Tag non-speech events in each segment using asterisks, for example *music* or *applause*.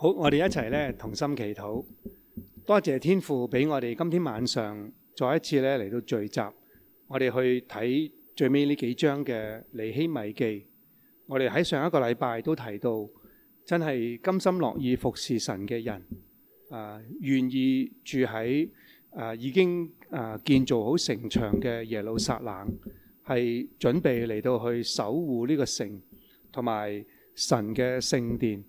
好，我哋一齊咧同心祈禱。多謝天父俾我哋今天晚上再一次咧嚟到聚集。我哋去睇最尾呢幾章嘅尼希米記。我哋喺上一個禮拜都提到，真係甘心樂意服侍神嘅人，啊願意住喺啊已經啊建造好城牆嘅耶路撒冷，係準備嚟到去守護呢個城同埋神嘅聖殿。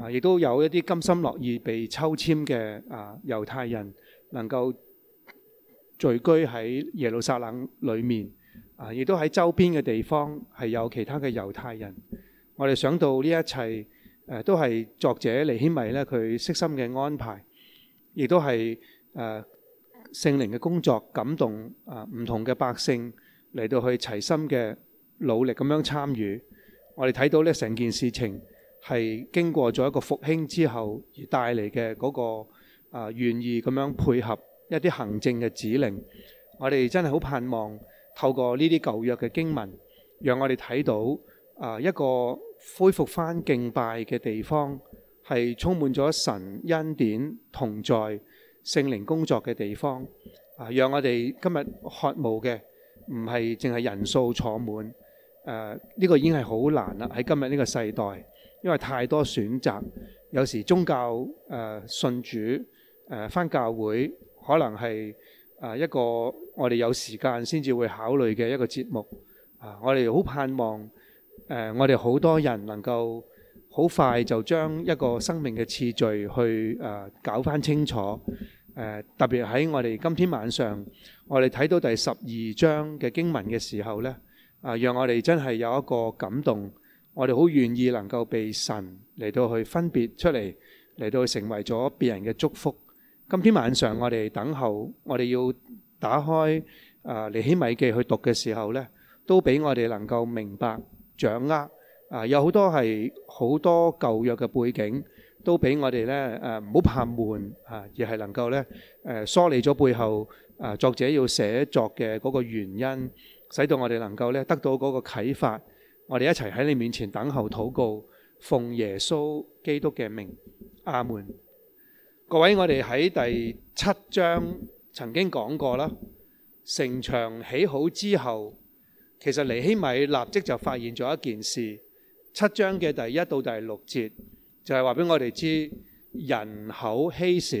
啊！亦都有一啲甘心樂意被抽籤嘅啊，猶太人能夠聚居喺耶路撒冷裏面。啊！亦都喺周邊嘅地方係有其他嘅猶太人。我哋想到呢一切，都係作者嚟顯明咧，佢悉心嘅安排，亦都係誒聖靈嘅工作，感動啊唔同嘅百姓嚟到去齊心嘅努力咁樣參與。我哋睇到呢成件事情。係經過咗一個復興之後而帶嚟嘅嗰個啊，願意咁樣配合一啲行政嘅指令。我哋真係好盼望透過呢啲舊約嘅經文，讓我哋睇到啊一個恢復返敬拜嘅地方係充滿咗神恩典同在聖靈工作嘅地方啊，讓我哋今日渴慕嘅唔係淨係人數坐滿誒，呢個已經係好難啦，喺今日呢個世代。因為太多選擇，有時宗教誒、呃、信主誒、呃、翻教會，可能係誒一個我哋有時間先至會考慮嘅一個節目啊、呃！我哋好盼望誒、呃，我哋好多人能夠好快就將一個生命嘅次序去誒、呃、搞翻清楚誒、呃，特別喺我哋今天晚上，我哋睇到第十二章嘅經文嘅時候呢啊、呃，讓我哋真係有一個感動。我哋好願意能夠被神嚟到去分別出嚟，嚟到成為咗別人嘅祝福。今天晚上我哋等候，我哋要打開啊尼希米記去讀嘅時候咧，都俾我哋能夠明白掌握啊，有好多係好多舊約嘅背景，都俾我哋咧誒唔好怕悶啊，而係能夠咧誒梳理咗背後啊作者要寫作嘅嗰個原因，使到我哋能夠咧得到嗰個啟發。我哋一齊喺你面前等候禱告，奉耶穌基督嘅名，阿門。各位，我哋喺第七章曾經講過啦，城牆起好之後，其實尼希米立即就發現咗一件事。七章嘅第一到第六節就係話俾我哋知人口稀少，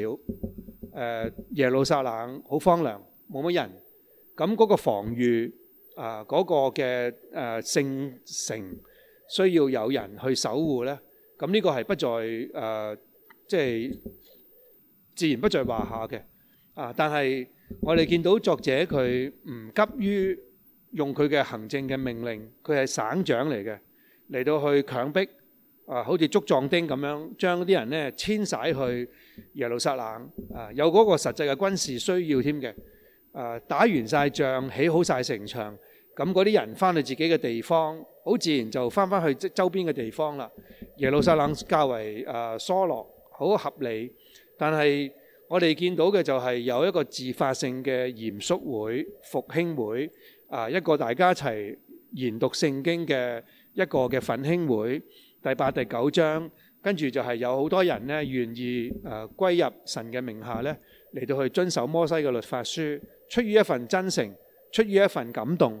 耶路撒冷好荒涼，冇乜人，咁、那、嗰個防禦。啊！嗰個嘅誒聖城需要有人去守護呢，咁呢個係不在誒，即係自然不在話下嘅。啊！但係我哋見到作者佢唔急於用佢嘅行政嘅命令，佢係省長嚟嘅，嚟到去強迫啊，好似捉壯丁咁樣，將啲人呢遷徙去耶路撒冷啊，有嗰個實際嘅軍事需要添嘅。啊！打完曬仗，起好曬城牆。咁嗰啲人返去自己嘅地方，好自然就返返去周邊嘅地方啦。耶路撒冷較為誒疏、呃、落，好合理。但係我哋見到嘅就係有一個自發性嘅嚴肅會、復興會，啊、呃、一個大家一齊研讀聖經嘅一個嘅奮興會。第八、第九章，跟住就係有好多人呢願意誒歸、呃、入神嘅名下呢嚟到去遵守摩西嘅律法書，出於一份真誠，出於一份感動。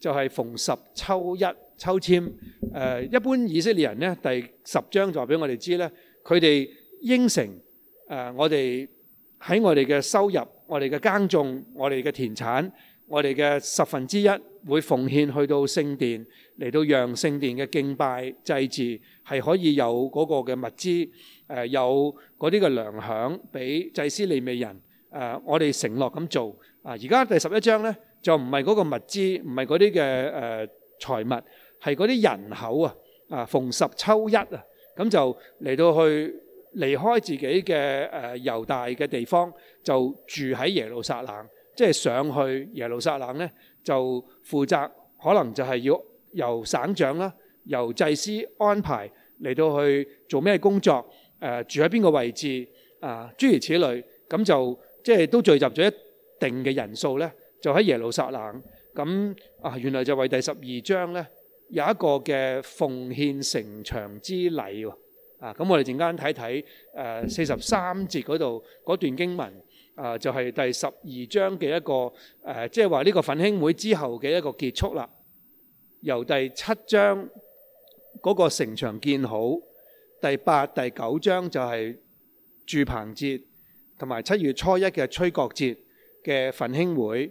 就係逢十抽一抽籤。誒，一般以色列人咧，第十章就話俾我哋知咧，佢哋應承誒，我哋喺我哋嘅收入、我哋嘅耕種、我哋嘅田產、我哋嘅十分之一會奉獻去到聖殿，嚟到讓聖殿嘅敬拜祭祀係可以有嗰個嘅物資誒，有嗰啲嘅糧餉俾祭司利未人誒，我哋承諾咁做。啊，而家第十一章咧。就唔係嗰個物資，唔係嗰啲嘅誒財物，係嗰啲人口啊！啊，逢十抽一啊，咁就嚟到去離開自己嘅誒猶大嘅地方，就住喺耶路撒冷，即係上去耶路撒冷呢，就負責可能就係要由省長啦，由祭司安排嚟到去做咩工作，誒住喺邊個位置啊，諸如此類，咁就即係都聚集咗一定嘅人數呢。就喺耶路撒冷，咁啊，原來就為第十二章呢，有一個嘅奉獻城牆之禮喎，啊，咁我哋陣間睇睇誒四十三節嗰度嗰段經文，啊，就係、是、第十二章嘅一個、啊、即係話呢個奮興會之後嘅一個結束啦。由第七章嗰個城牆建好，第八、第九章就係住棚節，同埋七月初一嘅吹角節嘅奮興會。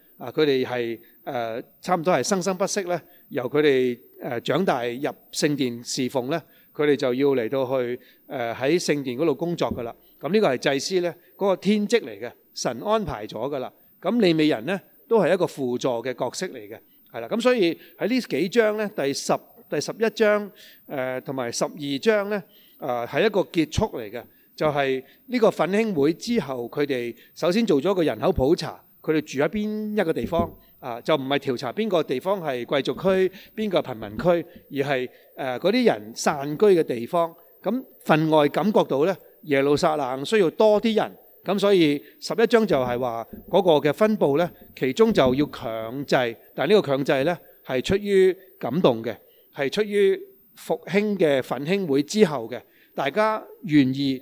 啊！佢哋係誒差唔多係生生不息咧，由佢哋誒長大入聖殿侍奉咧，佢哋就要嚟到去誒喺聖殿嗰度工作噶啦。咁呢個係祭司咧嗰個天職嚟嘅，神安排咗噶啦。咁利未人咧都係一個輔助嘅角色嚟嘅，係啦。咁所以喺呢幾章咧，第十、第十一章誒同埋十二章咧，啊係一個結束嚟嘅，就係呢個奮興會之後，佢哋首先做咗個人口普查。佢哋住喺邊一個地方啊？就唔係調查邊個地方係貴族區，邊個貧民區，而係誒嗰啲人散居嘅地方。咁分外感覺到咧，耶路撒冷需要多啲人。咁所以十一章就係話嗰個嘅分佈咧，其中就要強制。但係呢個強制咧係出於感動嘅，係出於復興嘅奮興會之後嘅，大家願意。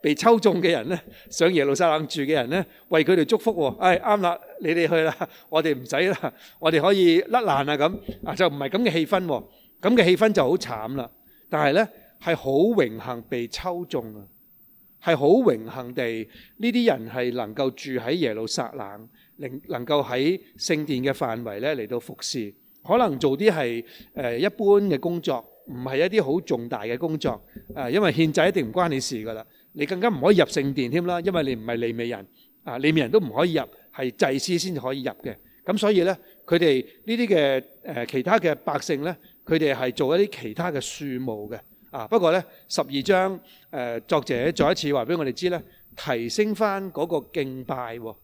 被抽中嘅人呢，上耶路撒冷住嘅人呢，為佢哋祝福。哎，啱啦，你哋去啦，我哋唔使啦，我哋可以甩爛啦，咁啊，就唔係咁嘅氣氛。咁嘅氣氛就好慘啦。但係呢，係好榮幸被抽中啊，係好榮幸地呢啲人係能夠住喺耶路撒冷，能能夠喺聖殿嘅範圍呢，嚟到服侍，可能做啲係誒一般嘅工作，唔係一啲好重大嘅工作。誒，因為獻祭一定唔關你事噶啦。你更加唔可以入聖殿添啦，因為你唔係利未人，啊利未人都唔可以入，係祭司先可以入嘅。咁所以呢，佢哋呢啲嘅其他嘅百姓呢，佢哋係做一啲其他嘅樹木嘅。啊，不過呢，十二章作者再一次話俾我哋知呢，提升翻嗰個敬拜喎。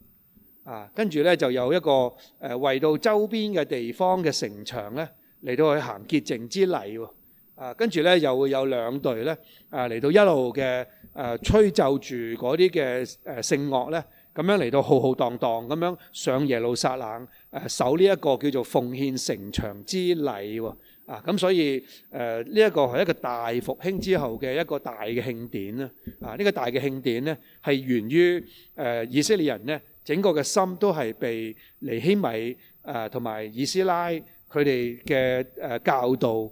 啊，跟住呢，就有一個誒圍到周邊嘅地方嘅城牆呢，嚟到去行潔淨之禮喎。啊，跟住呢，又會有兩隊呢啊嚟到一路嘅，誒吹奏住嗰啲嘅誒聖樂咧，咁樣嚟到浩浩蕩蕩咁樣上耶路撒冷，誒守呢一個叫做奉獻城牆之禮喎啊！咁所以誒呢一個係一個大復興之後嘅一個大嘅慶典啦啊！呢個大嘅慶典咧係源於誒以色列人咧整個嘅心都係被尼希米誒同埋以斯拉佢哋嘅誒教導誒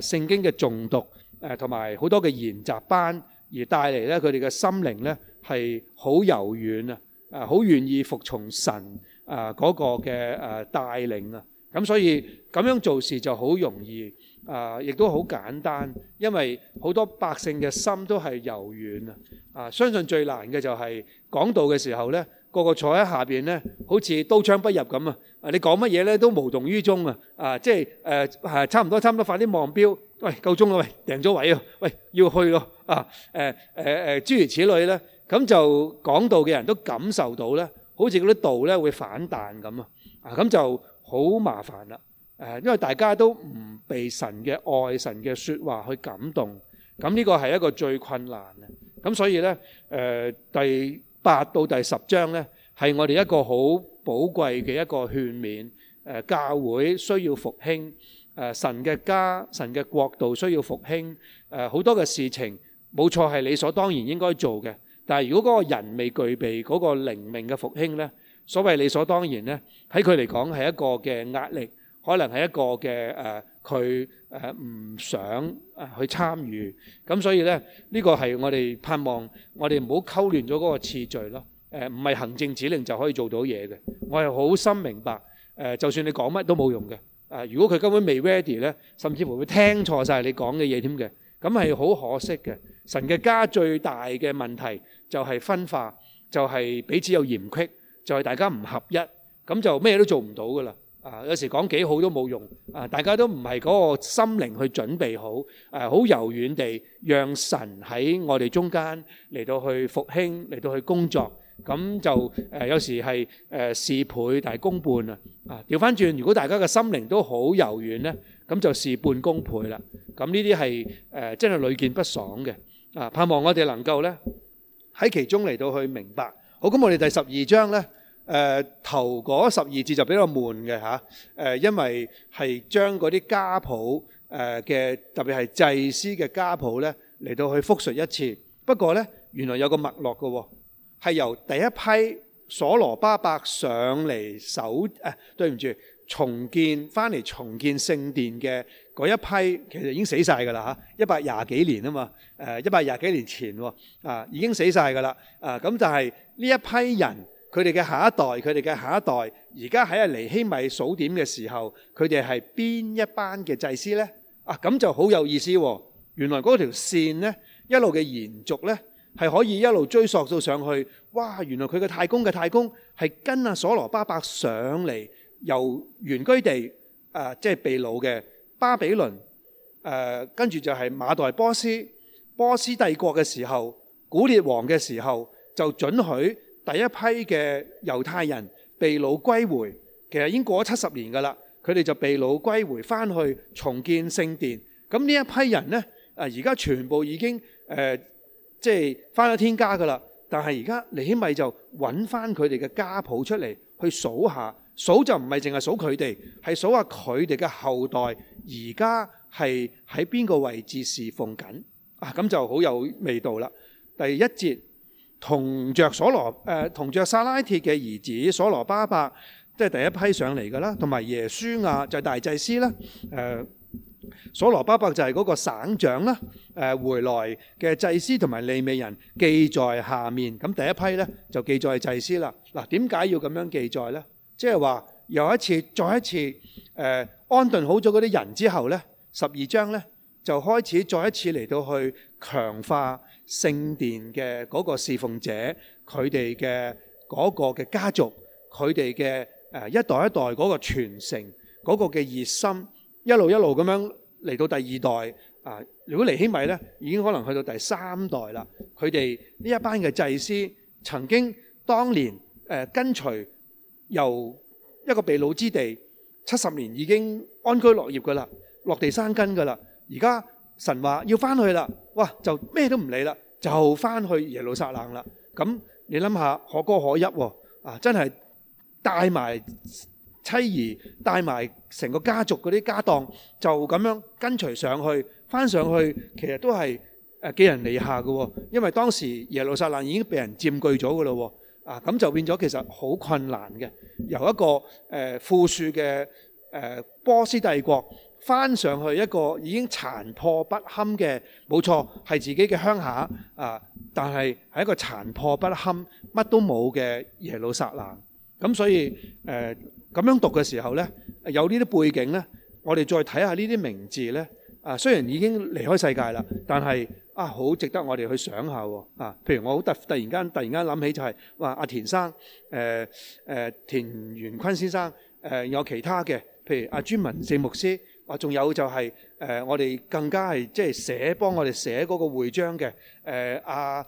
聖經嘅誦讀誒同埋好多嘅研習班，而帶嚟咧，佢哋嘅心靈咧係好柔軟啊，啊，好願意服從神啊嗰個嘅誒帶領啊，咁所以咁樣做事就好容易啊，亦都好簡單，因為好多百姓嘅心都係柔軟啊，啊，相信最難嘅就係講道嘅時候咧，個個坐喺下邊咧，好似刀槍不入咁啊，你講乜嘢咧都無動於衷啊，啊，即係誒係差唔多，差唔多，快啲望表。喂，夠鐘啦！喂，訂咗位啊！喂，要去咯啊！誒、呃、誒、呃、諸如此類咧，咁就講道嘅人都感受到咧，好似嗰啲道咧會反彈咁啊！啊，咁就好麻煩啦、呃！因為大家都唔被神嘅愛、神嘅說話去感動，咁呢個係一個最困難嘅。咁所以咧，誒、呃、第八到第十章咧，係我哋一個好寶貴嘅一個勸勉。誒、呃，教會需要復興。誒、呃、神嘅家、神嘅國度需要復興，誒、呃、好多嘅事情冇錯係理所當然應該做嘅。但係如果嗰個人未具備嗰個靈命嘅復興呢，所謂理所當然呢，喺佢嚟講係一個嘅壓力，可能係一個嘅誒佢誒唔想去參與。咁所以呢，呢、這個係我哋盼望，我哋唔好溝亂咗嗰個次序咯。誒唔係行政指令就可以做到嘢嘅。我係好深明白，誒、呃、就算你講乜都冇用嘅。啊！如果佢根本未 ready 咧，甚至乎會聽錯晒你講嘅嘢添嘅，咁係好可惜嘅。神嘅家最大嘅問題就係分化，就係彼此有嫌隙，就係大家唔合一，咁就咩都做唔到噶啦。啊，有時講幾好都冇用。啊，大家都唔係嗰個心靈去準備好，誒，好柔軟地讓神喺我哋中間嚟到去復興，嚟到去工作。咁就誒有時係誒事倍但係功半啊！啊調翻轉，如果大家嘅心靈都好柔軟咧，咁就事半功倍啦。咁呢啲係誒真係屢見不爽嘅啊！盼望我哋能夠咧喺其中嚟到去明白。好，咁我哋第十二章咧誒頭嗰十二節就比較悶嘅嚇，誒，因為係將嗰啲家譜誒嘅，特別係祭司嘅家譜咧嚟到去復述一次。不過咧原來有個脈絡嘅。係由第一批所羅巴伯上嚟首誒對唔住，重建翻嚟重建聖殿嘅嗰一批，其實已經死晒㗎啦吓，一百廿幾年啊嘛，誒一百廿幾年前喎，啊已經死晒㗎啦，啊咁就係呢一批人，佢哋嘅下一代，佢哋嘅下一代，而家喺阿尼希米數點嘅時候，佢哋係邊一班嘅祭司咧？啊咁就好有意思喎，原來嗰條線咧一路嘅延續咧。係可以一路追索到上去，哇！原來佢嘅太公嘅太公係跟阿所羅巴伯上嚟，由原居地啊，即、呃、係、就是、被擄嘅巴比倫，誒、呃，跟住就係馬代波斯、波斯帝國嘅時候、古列王嘅時候，就准許第一批嘅猶太人被擄歸回，回。其實已經過咗七十年㗎啦，佢哋就被擄歸回翻去重建聖殿。咁呢一批人呢，啊、呃，而家全部已經誒。呃即係翻咗天家噶啦，但係而家你起碼就揾翻佢哋嘅家譜出嚟，去數下，數就唔係淨係數佢哋，係數下佢哋嘅後代而家係喺邊個位置侍奉緊啊？咁就好有味道啦。第一節，同着所羅，誒，同着撒拉鐵嘅兒子所羅巴伯，即係第一批上嚟噶啦，同埋耶穌啊，就係大祭司啦、啊。所羅巴伯就係嗰個省長啦。回來嘅祭司同埋利未人記在下面。咁第一批呢，就記在祭司啦。嗱，點解要咁樣記載呢？即係話又一次再一次誒、呃、安頓好咗嗰啲人之後呢，十二章呢，就開始再一次嚟到去強化聖殿嘅嗰個侍奉者佢哋嘅嗰個嘅家族，佢哋嘅一代一代嗰個傳承嗰、嗰個嘅熱心，一路一路咁樣。嚟到第二代啊！如果尼希米咧，已經可能去到第三代啦。佢哋呢一班嘅祭司，曾經當年誒、呃、跟隨由一個避難之地，七十年已經安居樂業嘅啦，落地生根嘅啦。而家神話要翻去啦，哇！就咩都唔理啦，就翻去耶路撒冷啦。咁你諗下，可歌可泣喎！啊，真係帶埋～妻兒帶埋成個家族嗰啲家當，就咁樣跟隨上去，翻上去其實都係誒寄人籬下嘅，因為當時耶路撒冷已經被人佔據咗㗎喇喎，啊咁就變咗其實好困難嘅，由一個誒富庶嘅誒波斯帝國翻上去一個已經殘破不堪嘅，冇錯係自己嘅鄉下啊，但係係一個殘破不堪、乜都冇嘅耶路撒冷，咁所以誒。咁樣讀嘅時候咧，有呢啲背景咧，我哋再睇下呢啲名字咧。啊，雖然已經離開世界啦，但係啊，好值得我哋去想下喎、啊。啊，譬如我好突，突然間突然間諗起就係、是，哇、啊！阿田生，誒、呃、田元坤先生，誒、呃、有其他嘅，譬如阿、啊、朱文四牧師，啊，仲有就係、是、誒、呃、我哋更加係即係寫幫我哋寫嗰個會章嘅，誒阿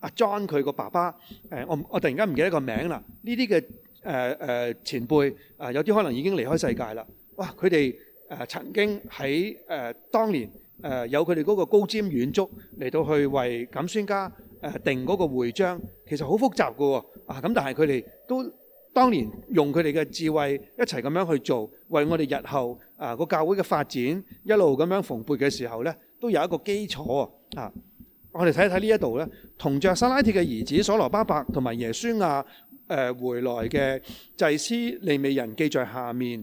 阿 John 佢個爸爸，呃、我我突然間唔記得個名啦。呢啲嘅。誒誒，呃、前輩啊，有啲可能已經離開世界啦。哇，佢哋誒曾經喺誒、呃、當年誒、呃、有佢哋嗰個高瞻遠矚嚟到去為錦孫家誒、呃、定嗰個會章，其實好複雜㗎喎。啊，咁但係佢哋都當年用佢哋嘅智慧一齊咁樣去做，為我哋日後啊、呃、個教會嘅發展一路咁樣蓬勃嘅時候呢，都有一個基礎啊，啊。我哋睇一睇呢一度呢，同著撒拉鐵嘅兒子所羅巴伯同埋耶孫啊。誒回來嘅祭司利未人記在下面。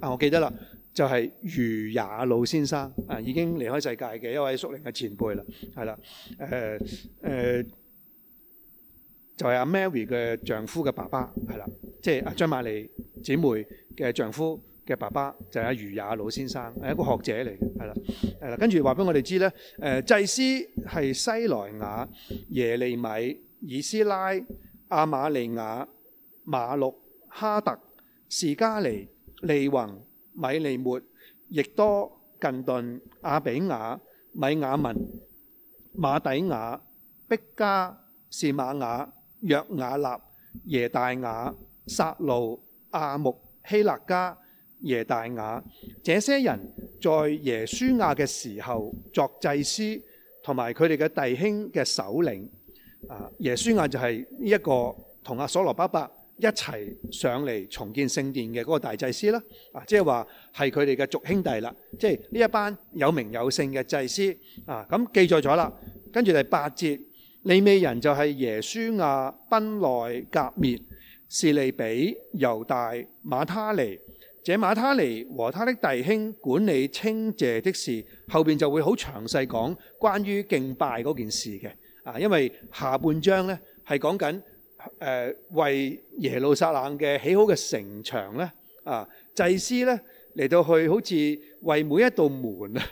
啊， *laughs* 我記得啦，就係、是、余也魯老先生啊，已經離開世界嘅一位屬靈嘅前輩啦，係啦。誒、呃、誒、呃，就係、是、阿 Mary 嘅丈夫嘅爸爸，係啦，即係阿張瑪麗姐妹嘅丈夫嘅爸爸，就係阿余也魯老先生，係一個學者嚟嘅，係啦。誒，跟住話俾我哋知咧，誒祭司係西萊雅、耶利米。以斯拉、阿瑪利亞、馬錄、哈特、士加尼、利宏、米利末、亦多近頓、近頓、阿比亞、米亞文、馬底亞、碧加、士馬雅、約瓦納、耶大亞、撒路、阿木、希勒家、耶大亞，這些人在耶書亞嘅時候作祭司，同埋佢哋嘅弟兄嘅首領。啊！耶書亞就係呢一個同阿所羅巴伯一齊上嚟重建聖殿嘅嗰個大祭司啦，啊，即係話係佢哋嘅族兄弟啦，即係呢一班有名有姓嘅祭司啊。咁記載咗啦，跟住第八節，利未人就係耶書亞、賓內、革滅、士利比、猶大、馬他尼，這馬他尼和他的弟兄管理清謝的事，後面就會好詳細講關於敬拜嗰件事嘅。啊，因為下半章咧係講緊誒為耶路撒冷嘅起好嘅城牆咧，啊，祭司咧嚟到去好似為每一道門啊，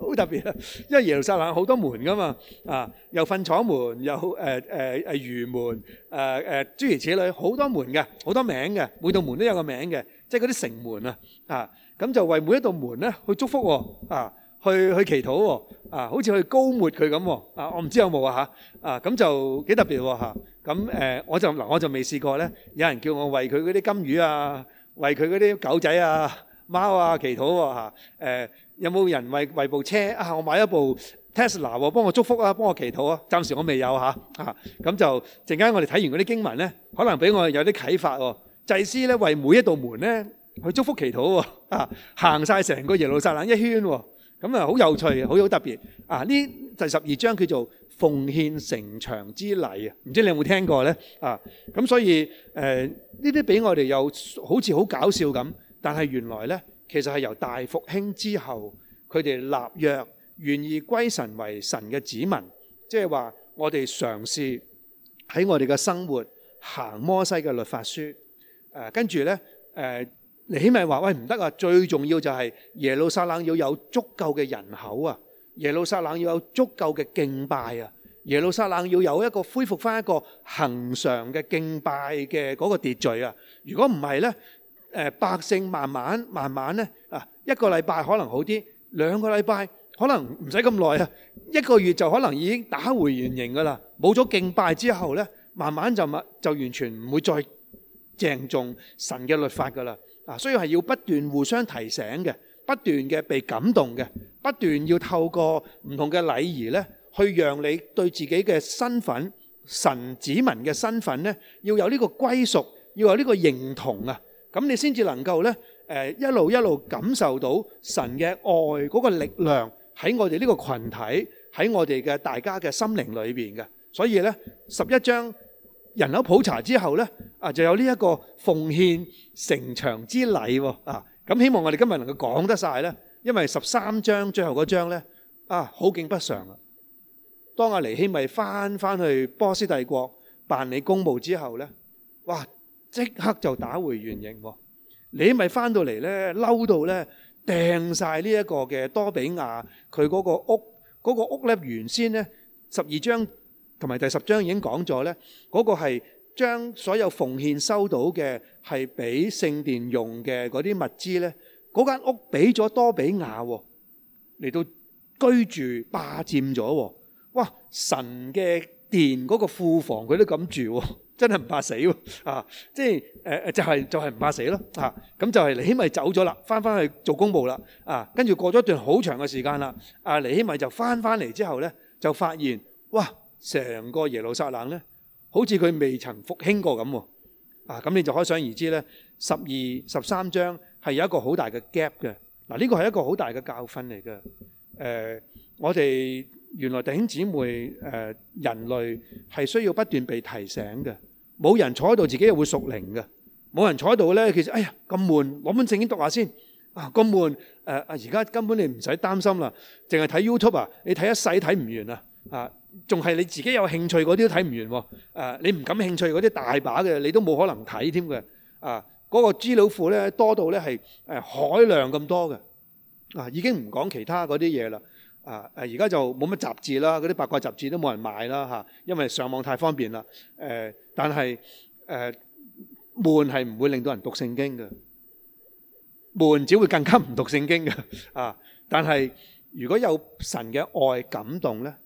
好特別啊，因為耶路撒冷好多門噶嘛，啊又糞廠門，又誒誒誒魚門，誒誒諸如此類好多門嘅，好多名嘅，每道門都有個名嘅，即係嗰啲城門啊，啊咁就為每一道門咧去祝福喎，啊！去去祈禱喎啊，好似去高抹佢咁啊！我唔知有冇啊嚇啊！咁就幾特別喎嚇咁誒，我就嗱我就未試過咧。有人叫我為佢嗰啲金魚啊，為佢嗰啲狗仔啊、貓啊祈禱喎嚇誒。有冇人為為部車啊？我買一部 Tesla 喎，幫我祝福啊，幫我祈禱啊！暫時我未有啊。嚇咁就陣間我哋睇完嗰啲經文咧，可能俾我有啲啟發喎。祭司咧為每一道門咧去祝福祈禱喎啊，行晒成個耶路撒冷一圈喎。咁啊，好有趣，好有特別啊！呢第十二章叫做《奉獻城牆之禮》啊，唔知你有冇聽過呢？啊？咁所以誒，呢啲俾我哋又好似好搞笑咁，但係原來呢，其實係由大復興之後，佢哋立約願意歸神為神嘅子民，即係話我哋嘗試喺我哋嘅生活行摩西嘅律法書啊，跟住呢，誒，呃。你起咪話喂，唔得啊！最重要就係耶路撒冷要有足夠嘅人口啊，耶路撒冷要有足夠嘅敬拜啊，耶路撒冷要有一個恢復翻一個恆常嘅敬拜嘅嗰個秩序啊！如果唔係咧，誒百姓慢慢慢慢咧啊，一個禮拜可能好啲，兩個禮拜可能唔使咁耐啊，一個月就可能已經打回原形㗎啦。冇咗敬拜之後咧，慢慢就冇，就完全唔會再敬重神嘅律法㗎啦。啊，所以係要不斷互相提醒嘅，不斷嘅被感動嘅，不斷要透過唔同嘅禮儀呢，去讓你對自己嘅身份、神子民嘅身份呢，要有呢個歸屬，要有呢個認同啊，咁你先至能夠呢，誒一路一路感受到神嘅愛嗰個力量喺我哋呢個群體，喺我哋嘅大家嘅心靈裏面嘅。所以呢，十一章。人口普查之後咧，啊，就有呢一個奉獻城牆之禮喎，啊，咁希望我哋今日能夠講得曬咧，因為十三章最後嗰章咧，啊，好景不常啊。當尼希米返返去波斯帝國辦理公務之後咧，哇，即刻就打回原形喎。尼希米返到嚟咧，嬲到咧，掟曬呢一個嘅多比亞佢嗰個屋嗰個屋咧，原先咧，十二章。同埋第十章已經講咗咧，嗰個係將所有奉獻收到嘅係俾聖殿用嘅嗰啲物資咧，嗰間屋俾咗多比亞嚟到居住霸佔咗喎！哇！神嘅殿嗰個庫房佢都敢住喎，真係唔怕死喎！啊，即係誒就係就係唔怕死咯嚇，咁就係尼希米走咗啦，翻翻去做公務啦啊，跟住過咗一段好長嘅時間啦，啊，尼希米就翻翻嚟之後咧，就發現哇！成個耶路撒冷咧，好似佢未曾復興過咁喎。啊，咁你就可想而知咧。十二、十三章係有一個好大嘅 gap 嘅。嗱，呢個係一個好大嘅教訓嚟嘅。誒，我哋原來弟兄姊妹誒，人類係需要不斷被提醒嘅。冇人坐喺度，自己又會屬靈嘅。冇人坐喺度咧，其實哎呀咁悶，攞本聖經讀下先。啊，咁悶。誒啊，而家根本你唔使擔心啦，淨係睇 YouTube 啊，你睇一世睇唔完啊！啊，仲係你自己有興趣嗰啲都睇唔完喎，啊啊！你唔感興趣嗰啲大把嘅，你都冇可能睇添嘅。啊，嗰、嗰個資料庫咧多到咧係海量咁多嘅。啊，已經唔講其他嗰啲嘢啦。啊，而家、啊、就冇乜雜誌啦，嗰啲八卦雜誌都冇人買啦、啊、因為上網太方便啦。誒、啊，但係誒、啊、悶係唔會令到人讀聖經嘅，悶只會更加唔讀聖經嘅。啊，但係如果有神嘅愛感動咧～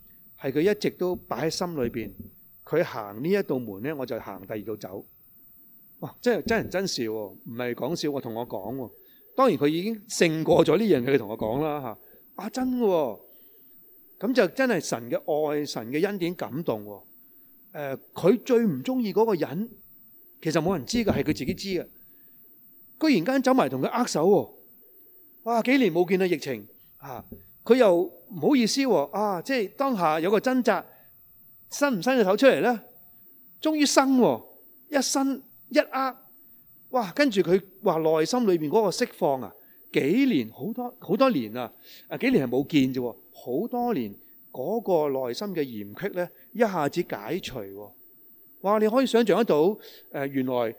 係佢一直都擺喺心裏邊，佢行呢一道門咧，我就行第二道走。哇！真係真人真事喎，唔係講笑我同我講喎。當然佢已經勝過咗呢樣嘅，佢同我講啦嚇。啊真喎、哦，咁就真係神嘅愛，神嘅恩典感動喎。佢、呃、最唔中意嗰個人，其實冇人知嘅，係佢自己知嘅。居然間走埋同佢握手喎，哇！幾年冇見到疫情、啊佢又唔好意思喎、啊，啊，即係當下有個掙扎，伸唔伸隻手出嚟呢？終於伸喎，一伸一握，哇！跟住佢話內心裏面嗰個釋放啊，幾年好多好多年啊，啊幾年係冇見啫，好多年嗰個內心嘅嫌隙呢，一下子解除喎、啊，哇！你可以想象得到，呃、原來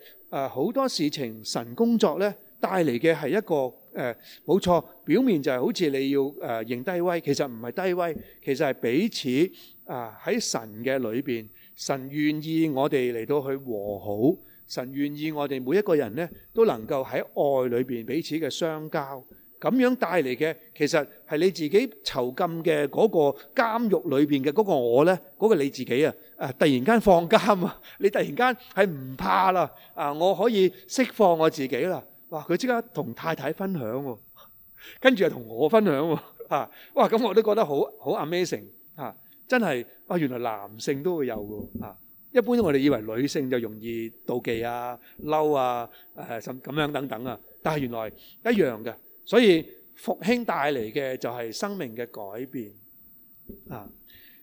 好、呃、多事情神工作呢。帶嚟嘅係一個誒，冇錯，表面就係好似你要誒認低威，其實唔係低威，其實係彼此啊喺神嘅裏邊，神願意我哋嚟到去和好，神願意我哋每一個人呢都能夠喺愛裏邊彼此嘅相交，咁樣帶嚟嘅其實係你自己囚禁嘅嗰個監獄裏邊嘅嗰個我呢，嗰個你自己啊，啊突然間放監啊，你突然間係唔怕啦啊，我可以釋放我自己啦。哇！佢即刻同太太分享喎，跟住又同我分享喎，嚇！哇！咁我都覺得好好 amazing 嚇，真係哇！原來男性都會有㗎嚇，一般我哋以為女性就容易妒忌啊、嬲啊、誒咁咁樣等等啊，但係原來一樣嘅，所以復興帶嚟嘅就係生命嘅改變啊！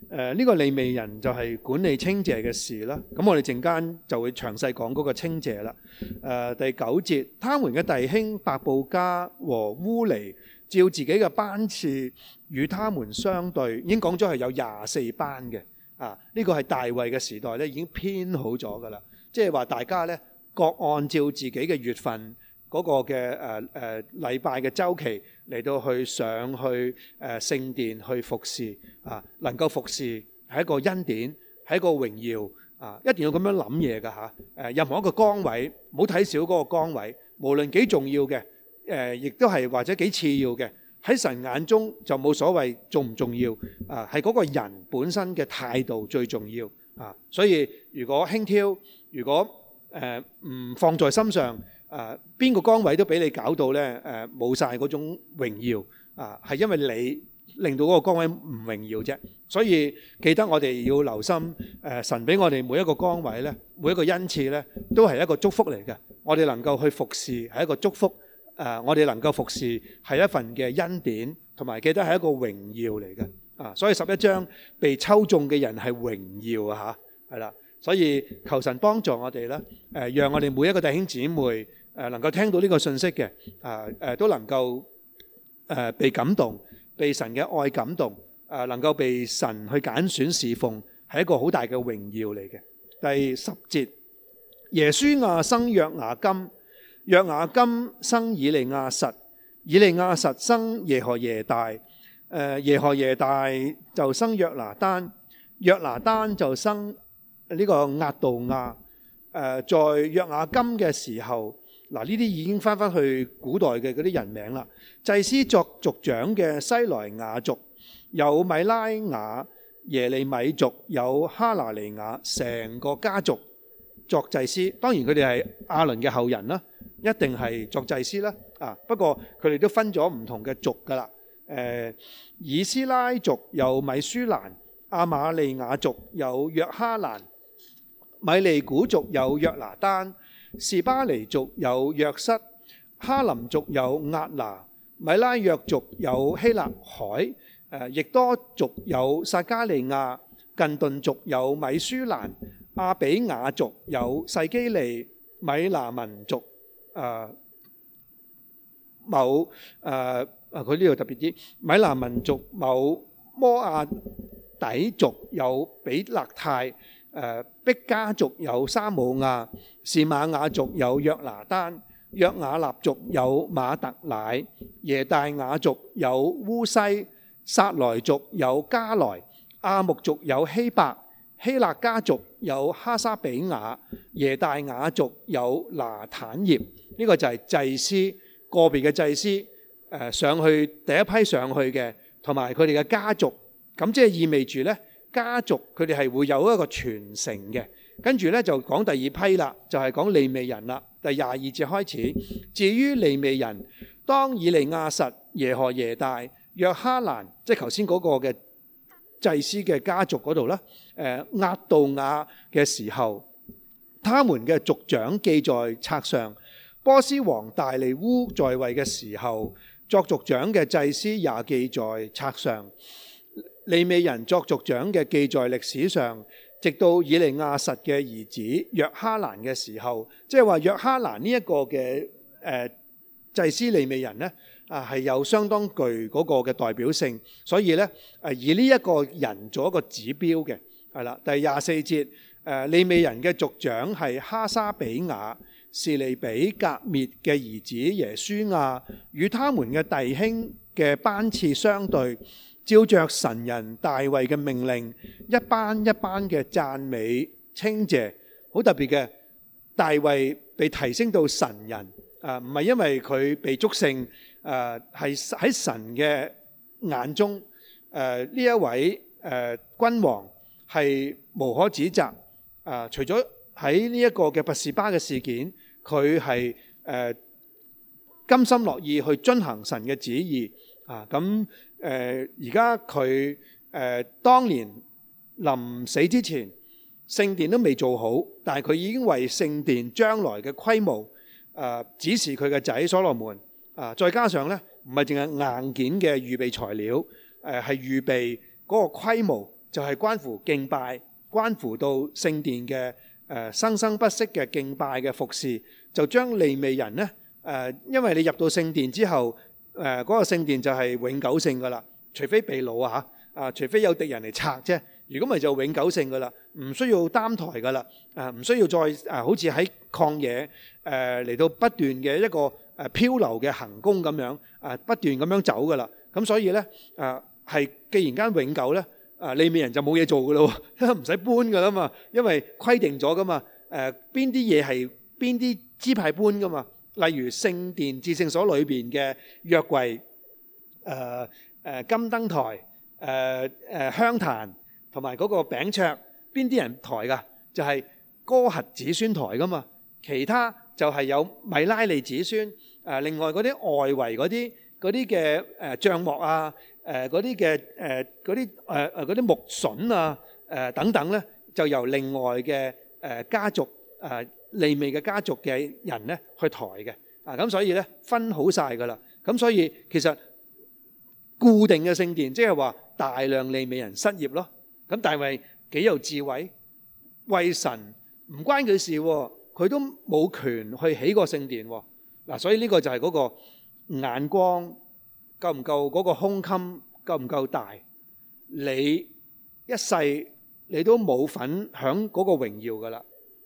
誒呢、呃這個利未人就係管理清潔嘅事啦，咁、嗯、我哋陣間就會詳細講嗰個清潔啦。誒、呃、第九節，他們嘅弟兄八布迦和烏尼照自己嘅班次與他們相對，已經講咗係有廿四班嘅。啊，呢、這個係大衛嘅時代咧已經編好咗噶啦，即係話大家咧各按照自己嘅月份。嗰個嘅誒誒禮拜嘅週期嚟到去上去誒聖殿去服侍啊，能夠服侍係一個恩典，係一個榮耀啊，一定要咁樣諗嘢㗎吓。誒任何一個崗位，冇睇少嗰個崗位，無論幾重要嘅誒，亦都係或者幾次要嘅，喺神眼中就冇所謂重唔重要啊，係嗰個人本身嘅態度最重要啊。所以如果輕挑，如果誒唔放在心上。誒，邊個崗位都俾你搞到咧？誒，冇晒嗰種榮耀啊，係因為你令到嗰個崗位唔榮耀啫。所以記得我哋要留心，誒，神俾我哋每一個崗位咧，每一個恩賜咧，都係一個祝福嚟嘅。我哋能夠去服侍係一個祝福，誒，我哋能夠服侍係一份嘅恩典，同埋記得係一個榮耀嚟嘅。啊，所以十一章被抽中嘅人係榮耀啊吓，係啦。所以求神幫助我哋咧，誒，讓我哋每一個弟兄姊妹。誒能夠聽到呢個信息嘅，啊誒都能夠誒被感動，被神嘅愛感動，誒能夠被神去揀選侍奉，係一個好大嘅榮耀嚟嘅。第十節，耶書亞生約雅金，約雅金生以利亞實，以利亞實生耶何耶大，誒耶何耶大就生約拿單，約拿單就生呢個押杜亞。誒在約雅金嘅時候。嗱，呢啲已經翻翻去古代嘅嗰啲人名啦。祭司作族長嘅西萊雅族有米拉雅，耶利米族有哈拿尼雅，成個家族作祭司。當然佢哋係亞倫嘅後人啦，一定係作祭司啦。啊，不過佢哋都分咗唔同嘅族噶啦。誒，以斯拉族有米書蘭，亞瑪利雅族有約哈蘭，米利古族有約拿單。是巴尼族有約瑟，哈林族有押拿，米拉約族有希勒愷，誒，易多族有撒迦利亞，近頓族有米書蘭，阿比亞族有細基利，米拿民族啊，某誒誒，佢呢度特別啲，米拿民族某摩亞底族有毗勒太。誒，逼家族有沙姆亞，是瑪雅族有約拿丹，約瓦納族有馬特乃，耶大雅族有烏西，撒萊族有加萊，亞木族有希伯，希勒家族有哈沙比雅，耶大雅族有拿坦業。呢個就係祭司，個別嘅祭司誒，上去第一批上去嘅，同埋佢哋嘅家族，咁即係意味住咧。家族佢哋係會有一個傳承嘅，跟住呢，就講第二批啦，就係講利未人啦。第廿二節開始，至於利未人，當以利亞實、耶何耶大、約哈難即係頭先嗰個嘅祭司嘅家族嗰度啦。誒、呃，押杜亞嘅時候，他們嘅族長記在冊上。波斯王大利烏在位嘅時候，作族長嘅祭司也記在冊上。利未人作族長嘅記載歷史上，直到以利亞實嘅兒子約哈難嘅時候，即係話約哈難呢一個嘅誒、呃、祭司、利未人呢，啊、呃、係有相當具嗰個嘅代表性，所以呢，誒、呃、以呢一個人做一個指標嘅係啦。第廿四節誒、呃、利未人嘅族長係哈沙比雅、示利比、甲篾嘅兒子耶書亞，與他們嘅弟兄嘅班次相對。照著神人大衛嘅命令，一班一班嘅讚美稱謝，好特別嘅。大衛被提升到神人啊，唔係因為佢被祝聖，誒係喺神嘅眼中誒呢一位誒君王係無可指責啊。除咗喺呢一個嘅拔士巴嘅事件，佢係誒甘心樂意去遵行神嘅旨意啊，咁。誒而家佢誒當年臨死之前聖殿都未做好，但係佢已經為聖殿將來嘅規模啊、呃、指示佢嘅仔所羅門啊、呃，再加上咧唔係淨係硬件嘅預備材料，誒、呃、係預備嗰個規模，就係、是、關乎敬拜，關乎到聖殿嘅誒、呃、生生不息嘅敬拜嘅服侍。就將利未人呢，誒、呃，因為你入到聖殿之後。誒嗰、呃那個聖殿就係永久性噶啦，除非被擄嚇，啊，啊除非有敵人嚟拆啫。如果唔係就永久性噶啦，唔需要擔台噶啦，啊唔需要再啊好似喺曠野誒嚟、啊、到不斷嘅一個漂流嘅行宮咁樣，啊不斷咁樣走噶啦。咁所以咧啊，係既然間永久咧，啊裏面人就冇嘢做噶咯喎，因為唔使搬噶啦嘛，因為規定咗噶嘛，誒邊啲嘢係邊啲支派搬噶嘛。例如聖殿至聖所裏邊嘅約櫃，誒誒金燈台，誒誒香壇同埋嗰個餅桌，邊啲人抬噶？就係哥轄子孫抬噶嘛。其他就係有米拉利子孫。誒另外嗰啲外圍嗰啲嗰啲嘅誒帳幕啊，誒嗰啲嘅誒嗰啲誒誒嗰啲木筍啊，誒等等咧，就由另外嘅誒家族誒。利未嘅家族嘅人咧，去抬嘅，啊咁所以咧分好晒噶啦，咁所以其實固定嘅聖殿，即係話大量利未人失業咯。咁大衛幾有智慧，慧，為神唔關佢事，佢都冇權去起個聖殿。嗱，所以呢個就係嗰個眼光夠唔夠，嗰個胸襟夠唔夠大？你一世你都冇份響嗰個榮耀噶啦，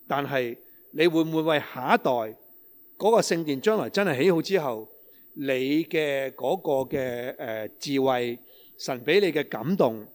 但係，你會唔會為下一代嗰、那個聖殿將來真係起好之後，你嘅嗰個嘅誒智慧，神俾你嘅感動，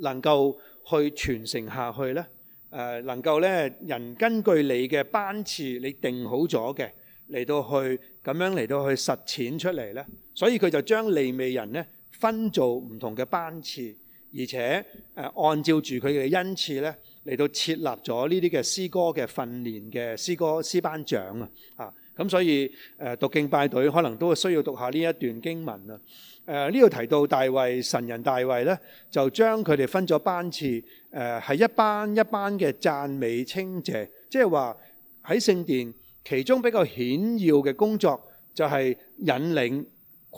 能夠去傳承下去呢？誒、呃，能夠呢，人根據你嘅班次，你定好咗嘅嚟到去咁樣嚟到去實踐出嚟呢。所以佢就將利未人呢分做唔同嘅班次，而且誒、呃、按照住佢嘅恩賜呢。嚟到設立咗呢啲嘅詩歌嘅訓練嘅詩歌詩班長啊，啊咁所以誒讀敬拜隊可能都需要讀下呢一段經文啊。呢、啊、度提到大衛神人大衛呢就將佢哋分咗班次，誒、啊、係一班一班嘅讚美稱謝，即係話喺聖殿其中比較顯要嘅工作就係引領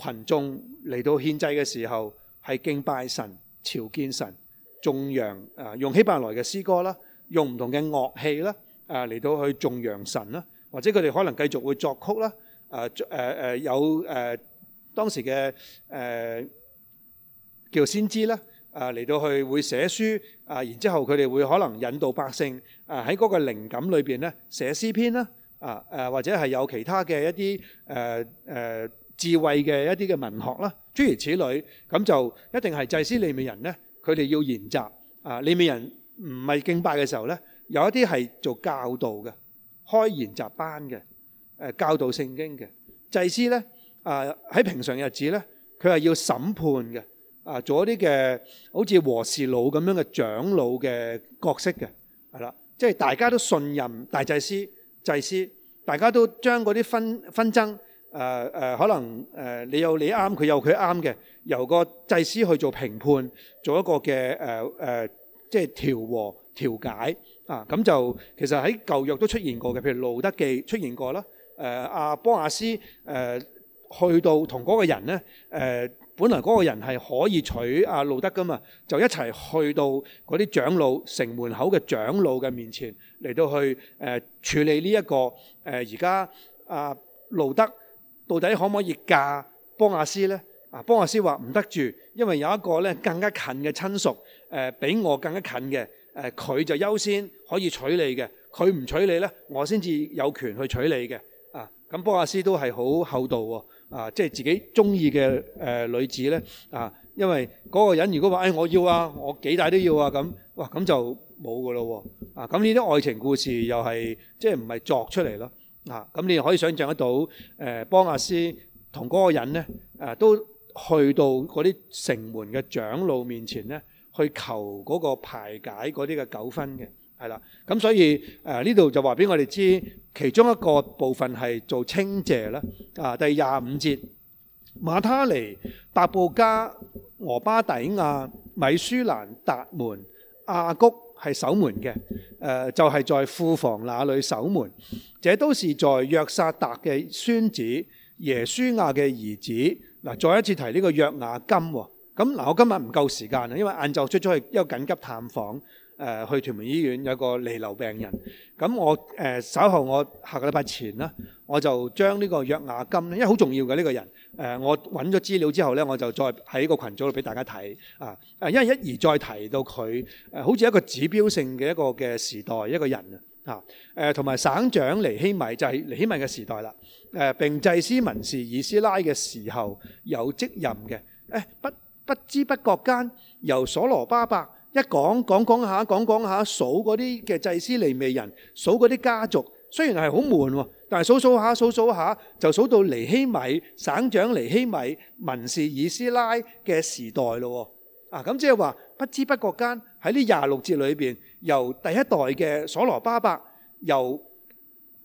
群眾嚟到獻祭嘅時候係敬拜神朝見神。頌揚啊！用希伯來嘅詩歌啦，用唔同嘅樂器啦，啊嚟到去頌揚神啦，或者佢哋可能繼續會作曲啦，啊，誒誒有誒當時嘅誒叫做先知啦，啊嚟到去會寫書啊，然之後佢哋會可能引導百姓啊喺嗰個靈感裏邊咧寫詩篇啦，啊誒或者係有其他嘅一啲誒誒智慧嘅一啲嘅文學啦，諸如此類，咁就一定係祭司利未人咧。佢哋要研習啊！利未人唔係敬拜嘅時候咧，有一啲係做教導嘅，開研習班嘅，誒教導聖經嘅祭司咧，啊喺平常日子咧，佢係要審判嘅，啊做一啲嘅好似和事佬咁樣嘅長老嘅角色嘅，係啦，即係大家都信任，大祭司、祭司，大家都將嗰啲紛紛爭。誒誒，可能誒你有你啱，佢有佢啱嘅，由個祭司去做評判，做一個嘅誒誒，即係調和調解啊。咁就其實喺舊約都出現過嘅，譬如路德記出現過啦。誒阿波亞斯誒去到同嗰個人咧，誒本來嗰個人係可以娶阿路德㗎嘛，就一齊去到嗰啲長老城門口嘅長老嘅面前嚟到去誒處理呢一個誒而家阿路德。到底可唔可以嫁波亞斯呢？啊，波亞斯話唔得住，因為有一個咧更加近嘅親屬，誒，比我更加近嘅，誒，佢就優先可以娶你嘅。佢唔娶你呢，我先至有權去娶你嘅。啊，咁波亞斯都係好厚道喎。啊，即係自己中意嘅誒女子呢。啊，因為嗰個人如果話，誒、哎，我要啊，我幾大都要啊，咁，哇，咁就冇噶咯。啊，咁呢啲愛情故事又係即係唔係作出嚟咯。嗱，咁你可以想象得到，誒，波阿斯同嗰個人呢，誒，都去到嗰啲城門嘅長老面前呢，去求嗰個排解嗰啲嘅糾紛嘅，係啦。咁所以，誒，呢度就話俾我哋知，其中一個部分係做清謝啦。啊，第廿五節，馬他尼、達布加、俄巴底亞、米舒蘭、達門、亞谷。係守門嘅，誒、呃、就係、是、在庫房那裏守門。這都是在約薩達嘅孫子耶穌亞嘅兒子嗱。再一次提呢個約雅金喎。咁、哦、嗱，那我今日唔夠時間啦，因為晏晝出咗去一個緊急探訪，誒、呃、去屯門醫院有一個彌留病人。咁我誒、呃、稍後我下個禮拜前啦，我就將呢個約雅金，因為好重要嘅呢個人。誒，我揾咗資料之後呢，我就再喺個群組度俾大家睇啊！因為一而再提到佢，好似一個指標性嘅一個嘅時代一個人啊！同埋省長尼希米就係尼希米嘅時代啦！誒，並祭司文士以斯拉嘅時候有職任嘅，不不知不覺間由所羅巴伯一講講講下講講下數嗰啲嘅祭司利未人數嗰啲家族。雖然係好悶喎，但係數數下數數下就數到尼希米，省長尼希米，文士以斯拉嘅時代咯啊，咁即係話不知不覺間喺呢廿六節裏邊，由第一代嘅所羅巴伯，由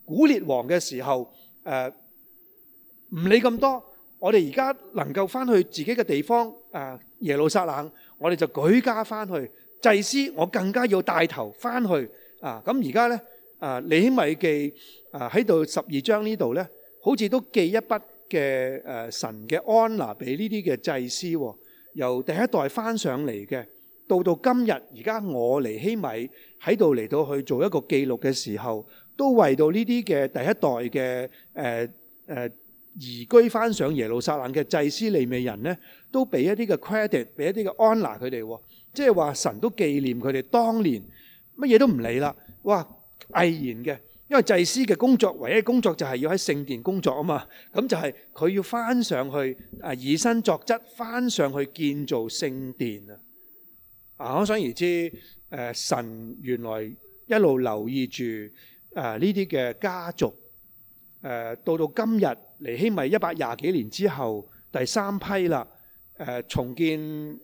古列王嘅時候，誒唔理咁多，我哋而家能夠翻去自己嘅地方，誒、啊、耶路撒冷，我哋就舉家翻去祭司，我更加要帶頭翻去啊！咁而家呢。啊，利希米記啊喺度十二章呢度咧，好似都記一筆嘅誒神嘅安 o n r 俾呢啲嘅祭司、哦，由第一代翻上嚟嘅，到到今日而家我嚟希米喺度嚟到去做一個記錄嘅時候，都為到呢啲嘅第一代嘅誒誒移居翻上耶路撒冷嘅祭司利未人咧，都俾一啲嘅 credit，俾一啲嘅安 o n r 佢哋，即係話神都紀念佢哋當年乜嘢都唔理啦，哇！毅然嘅，因為祭司嘅工作唯一工作就係要喺聖殿工作啊嘛，咁就係佢要返上去啊，以身作則返上去建造聖殿啊！啊，可想而知，誒神原來一路留意住誒呢啲嘅家族，誒到到今日嚟希米一百廿幾年之後，第三批啦，誒重建誒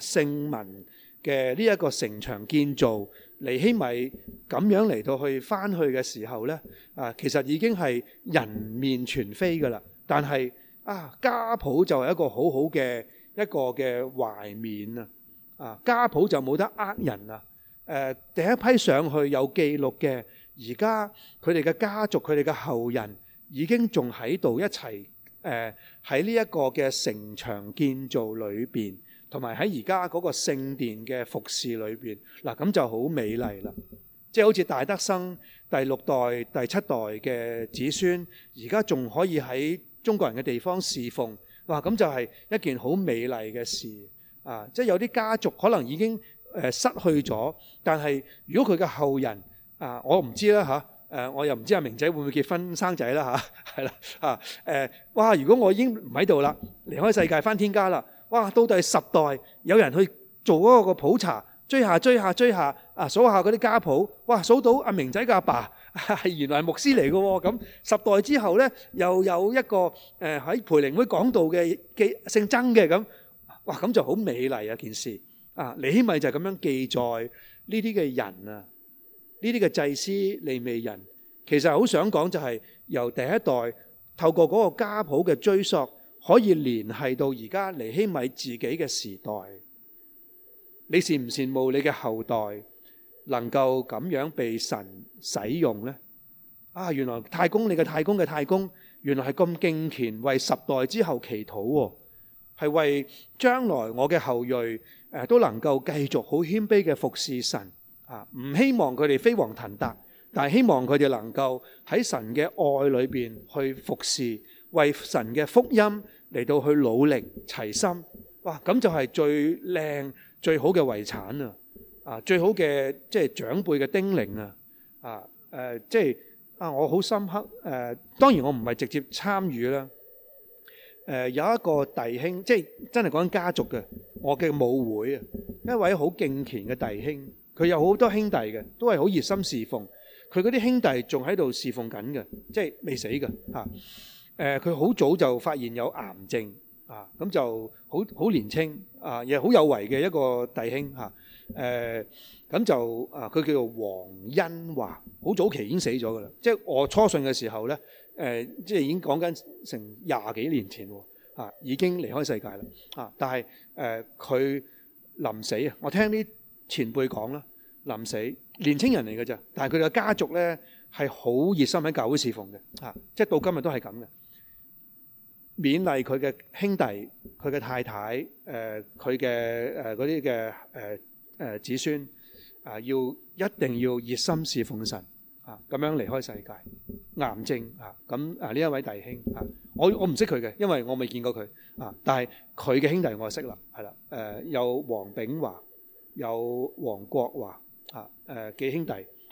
聖民嘅呢一個城牆建造。尼希米咁樣嚟到去翻去嘅時候呢，啊，其實已經係人面全非噶啦。但係啊，家譜就係一個好好嘅一個嘅懷緬啊！啊，家譜就冇、啊、得呃人啊。誒，第一批上去有記錄嘅，而家佢哋嘅家族、佢哋嘅後人已經仲喺度一齊喺呢一個嘅城牆建造裏面。同埋喺而家嗰個聖殿嘅服侍裏面，嗱咁就好美麗啦。即係好似大德生第六代、第七代嘅子孫，而家仲可以喺中國人嘅地方侍奉，哇！咁就係一件好美麗嘅事啊！即係有啲家族可能已經誒失去咗，但係如果佢嘅後人啊，我唔知啦嚇誒，我又唔知阿明仔會唔會結婚生仔啦嚇，係啦啊誒，哇！如果我已經唔喺度啦，離開世界，翻天家啦～哇！到第十代，有人去做嗰個個普查，追下追下追下，啊數下嗰啲家譜，哇數到阿明仔嘅阿爸係原來係牧師嚟嘅喎，咁十代之後咧又有一個誒喺培靈會講道嘅嘅姓曾嘅咁，哇咁就好美麗啊件事啊！尼希米就係咁樣記載呢啲嘅人啊，呢啲嘅祭司利未人，其實好想講就係由第一代透過嗰個家譜嘅追索。可以連繫到而家尼希米自己嘅時代，你羨唔羨慕你嘅後代能夠咁樣被神使用呢？啊，原來太公你嘅太公嘅太公，原來係咁敬虔，為十代之後祈禱啊，係為將來我嘅後裔，呃，都能夠繼續好謙卑嘅服侍神啊！唔希望佢哋飛黃騰達，但係希望佢哋能夠喺神嘅愛裏面去服侍。為神嘅福音嚟到去努力齊心，哇！咁就係最靚最好嘅遺產啊！啊，最好嘅即係長輩嘅叮嚀啊！啊，誒、呃，即係啊，我好深刻誒、呃。當然我唔係直接參與啦。誒、呃，有一個弟兄，即係真係講緊家族嘅，我嘅母會啊，一位好敬虔嘅弟兄，佢有好多兄弟嘅，都係好熱心侍奉。佢嗰啲兄弟仲喺度侍奉緊嘅，即係未死嘅吓。啊誒佢好早就發現有癌症啊，咁就好好年青啊，亦好有為嘅一個弟兄嚇。誒咁就啊，佢、啊啊、叫做黃恩華，好早期已經死咗㗎啦。即係我初信嘅時候咧，誒、啊、即係已經講緊成廿幾年前喎啊，已經離開世界啦啊！但係誒佢臨死啊，我聽啲前輩講啦，臨死年青人嚟嘅咋。但係佢哋嘅家族咧係好熱心喺教會侍奉嘅啊，即係到今日都係咁嘅。勉勵佢嘅兄弟、佢嘅太太、誒佢嘅誒嗰啲嘅誒誒子孫啊，要、呃、一定要熱心侍奉神啊，咁樣離開世界。癌症啊，咁啊呢一位弟兄啊，我我唔識佢嘅，因為我未見過佢啊，但係佢嘅兄弟我識啦，係啦誒，有黃炳華、有黃國華啊，誒、啊、幾兄弟。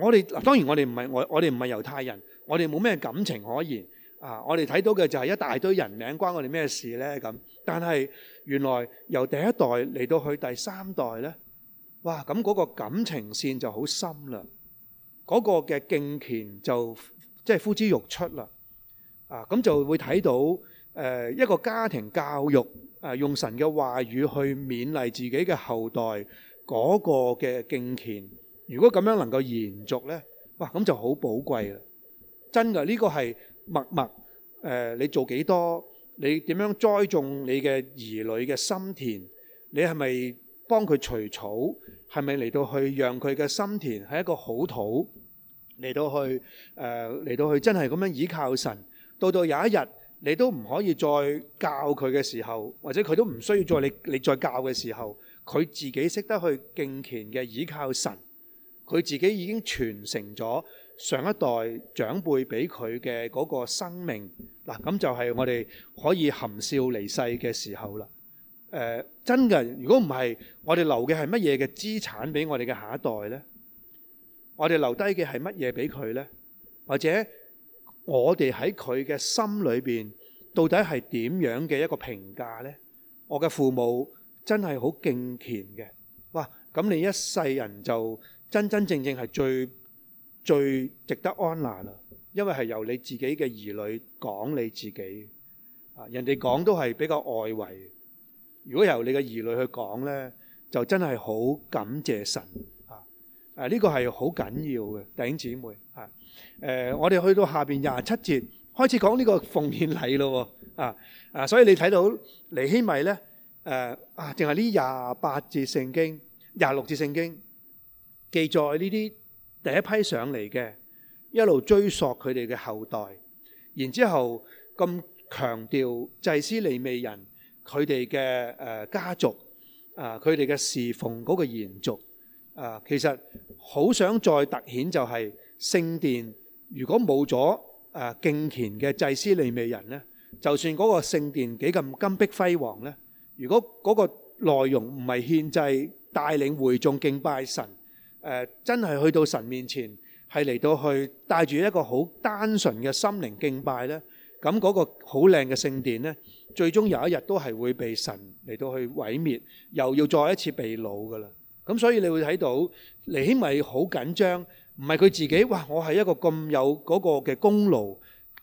我哋嗱，當然我哋唔係我我哋唔係猶太人，我哋冇咩感情可言啊！我哋睇到嘅就係一大堆人名，關我哋咩事呢？咁但係原來由第一代嚟到去第三代呢，哇！咁嗰個感情線就好深啦，嗰個嘅敬虔就即係呼之欲出啦啊！咁就會睇到誒一個家庭教育誒，用神嘅話語去勉勵自己嘅後代嗰個嘅敬虔。如果咁樣能夠延續呢，哇，咁就好寶貴啊！真噶，呢個係默默誒，你做幾多，你點樣栽種你嘅兒女嘅心田？你係咪幫佢除草？係咪嚟到去讓佢嘅心田係一個好土？嚟到去誒，嚟到去真係咁樣倚靠神。到到有一日，你都唔可以再教佢嘅時候，或者佢都唔需要再你你再教嘅時候，佢自己識得去敬虔嘅倚靠神。佢自己已經傳承咗上一代長輩俾佢嘅嗰個生命，嗱咁就係我哋可以含笑離世嘅時候啦。誒，真嘅，如果唔係，我哋留嘅係乜嘢嘅資產俾我哋嘅下一代呢？我哋留低嘅係乜嘢俾佢呢？或者我哋喺佢嘅心裏邊，到底係點樣嘅一個評價呢？我嘅父母真係好敬虔嘅，哇！咁你一世人就～真真正正係最最值得安拿啦，因為係由你自己嘅兒女講你自己，啊人哋講都係比較外圍，如果由你嘅兒女去講呢，就真係好感謝神啊！呢個係好緊要嘅，弟兄姊妹啊，誒我哋去到下邊廿七節開始講呢個奉獻禮咯，啊啊所以你睇到尼希米呢，誒啊淨係呢廿八節聖經廿六節聖經。記載呢啲第一批上嚟嘅，一路追索佢哋嘅後代，然之後咁強調祭司利未人佢哋嘅誒家族啊，佢哋嘅侍奉嗰個延續啊，其實好想再突顯就係聖殿如果冇咗誒敬虔嘅祭司利未人咧，就算嗰個聖殿幾咁金碧輝煌咧，如果嗰個內容唔係獻祭、帶領會眾敬拜神，誒、呃、真係去到神面前，係嚟到去帶住一個好單純嘅心靈敬拜呢，咁嗰個好靚嘅聖殿呢，最終有一日都係會被神嚟到去毀滅，又要再一次被擄噶啦。咁所以你會睇到尼希米好緊張，唔係佢自己，哇！我係一個咁有嗰個嘅功勞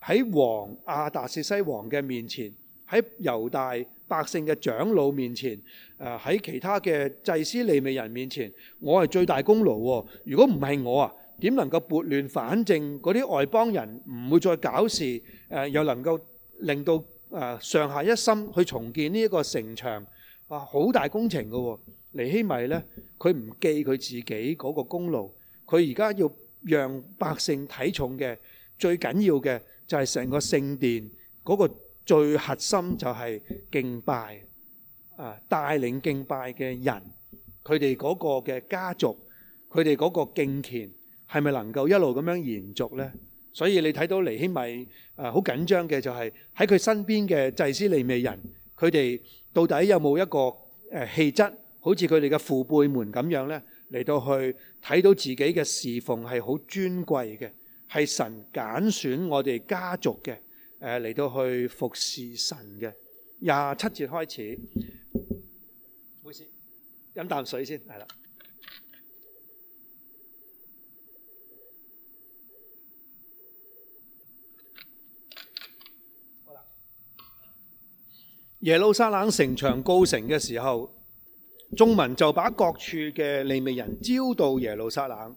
喺王亞達色西王嘅面前。喺猶大百姓嘅長老面前，誒喺其他嘅祭司利未人面前，我係最大功勞喎。如果唔係我啊，點能夠撥亂反正？嗰啲外邦人唔會再搞事，誒又能夠令到誒上下一心去重建呢一個城牆。哇，好大工程嘅喎，尼希米呢，佢唔記佢自己嗰個功勞，佢而家要讓百姓睇重嘅最緊要嘅就係成個聖殿嗰個。最核心就係敬拜，啊帶領敬拜嘅人，佢哋嗰個嘅家族，佢哋嗰個敬虔係咪能夠一路咁樣延續咧？所以你睇到尼希米啊好緊張嘅就係喺佢身邊嘅祭司利未人，佢哋到底有冇一個誒氣質，好似佢哋嘅父輩們咁樣咧，嚟到去睇到自己嘅侍奉係好尊貴嘅，係神揀選我哋家族嘅，誒嚟到去服侍神嘅廿七節開始，唔好意思，飲啖水先，係啦。好了。耶路撒冷城牆告成嘅時候，眾民就把各處嘅利未人招到耶路撒冷，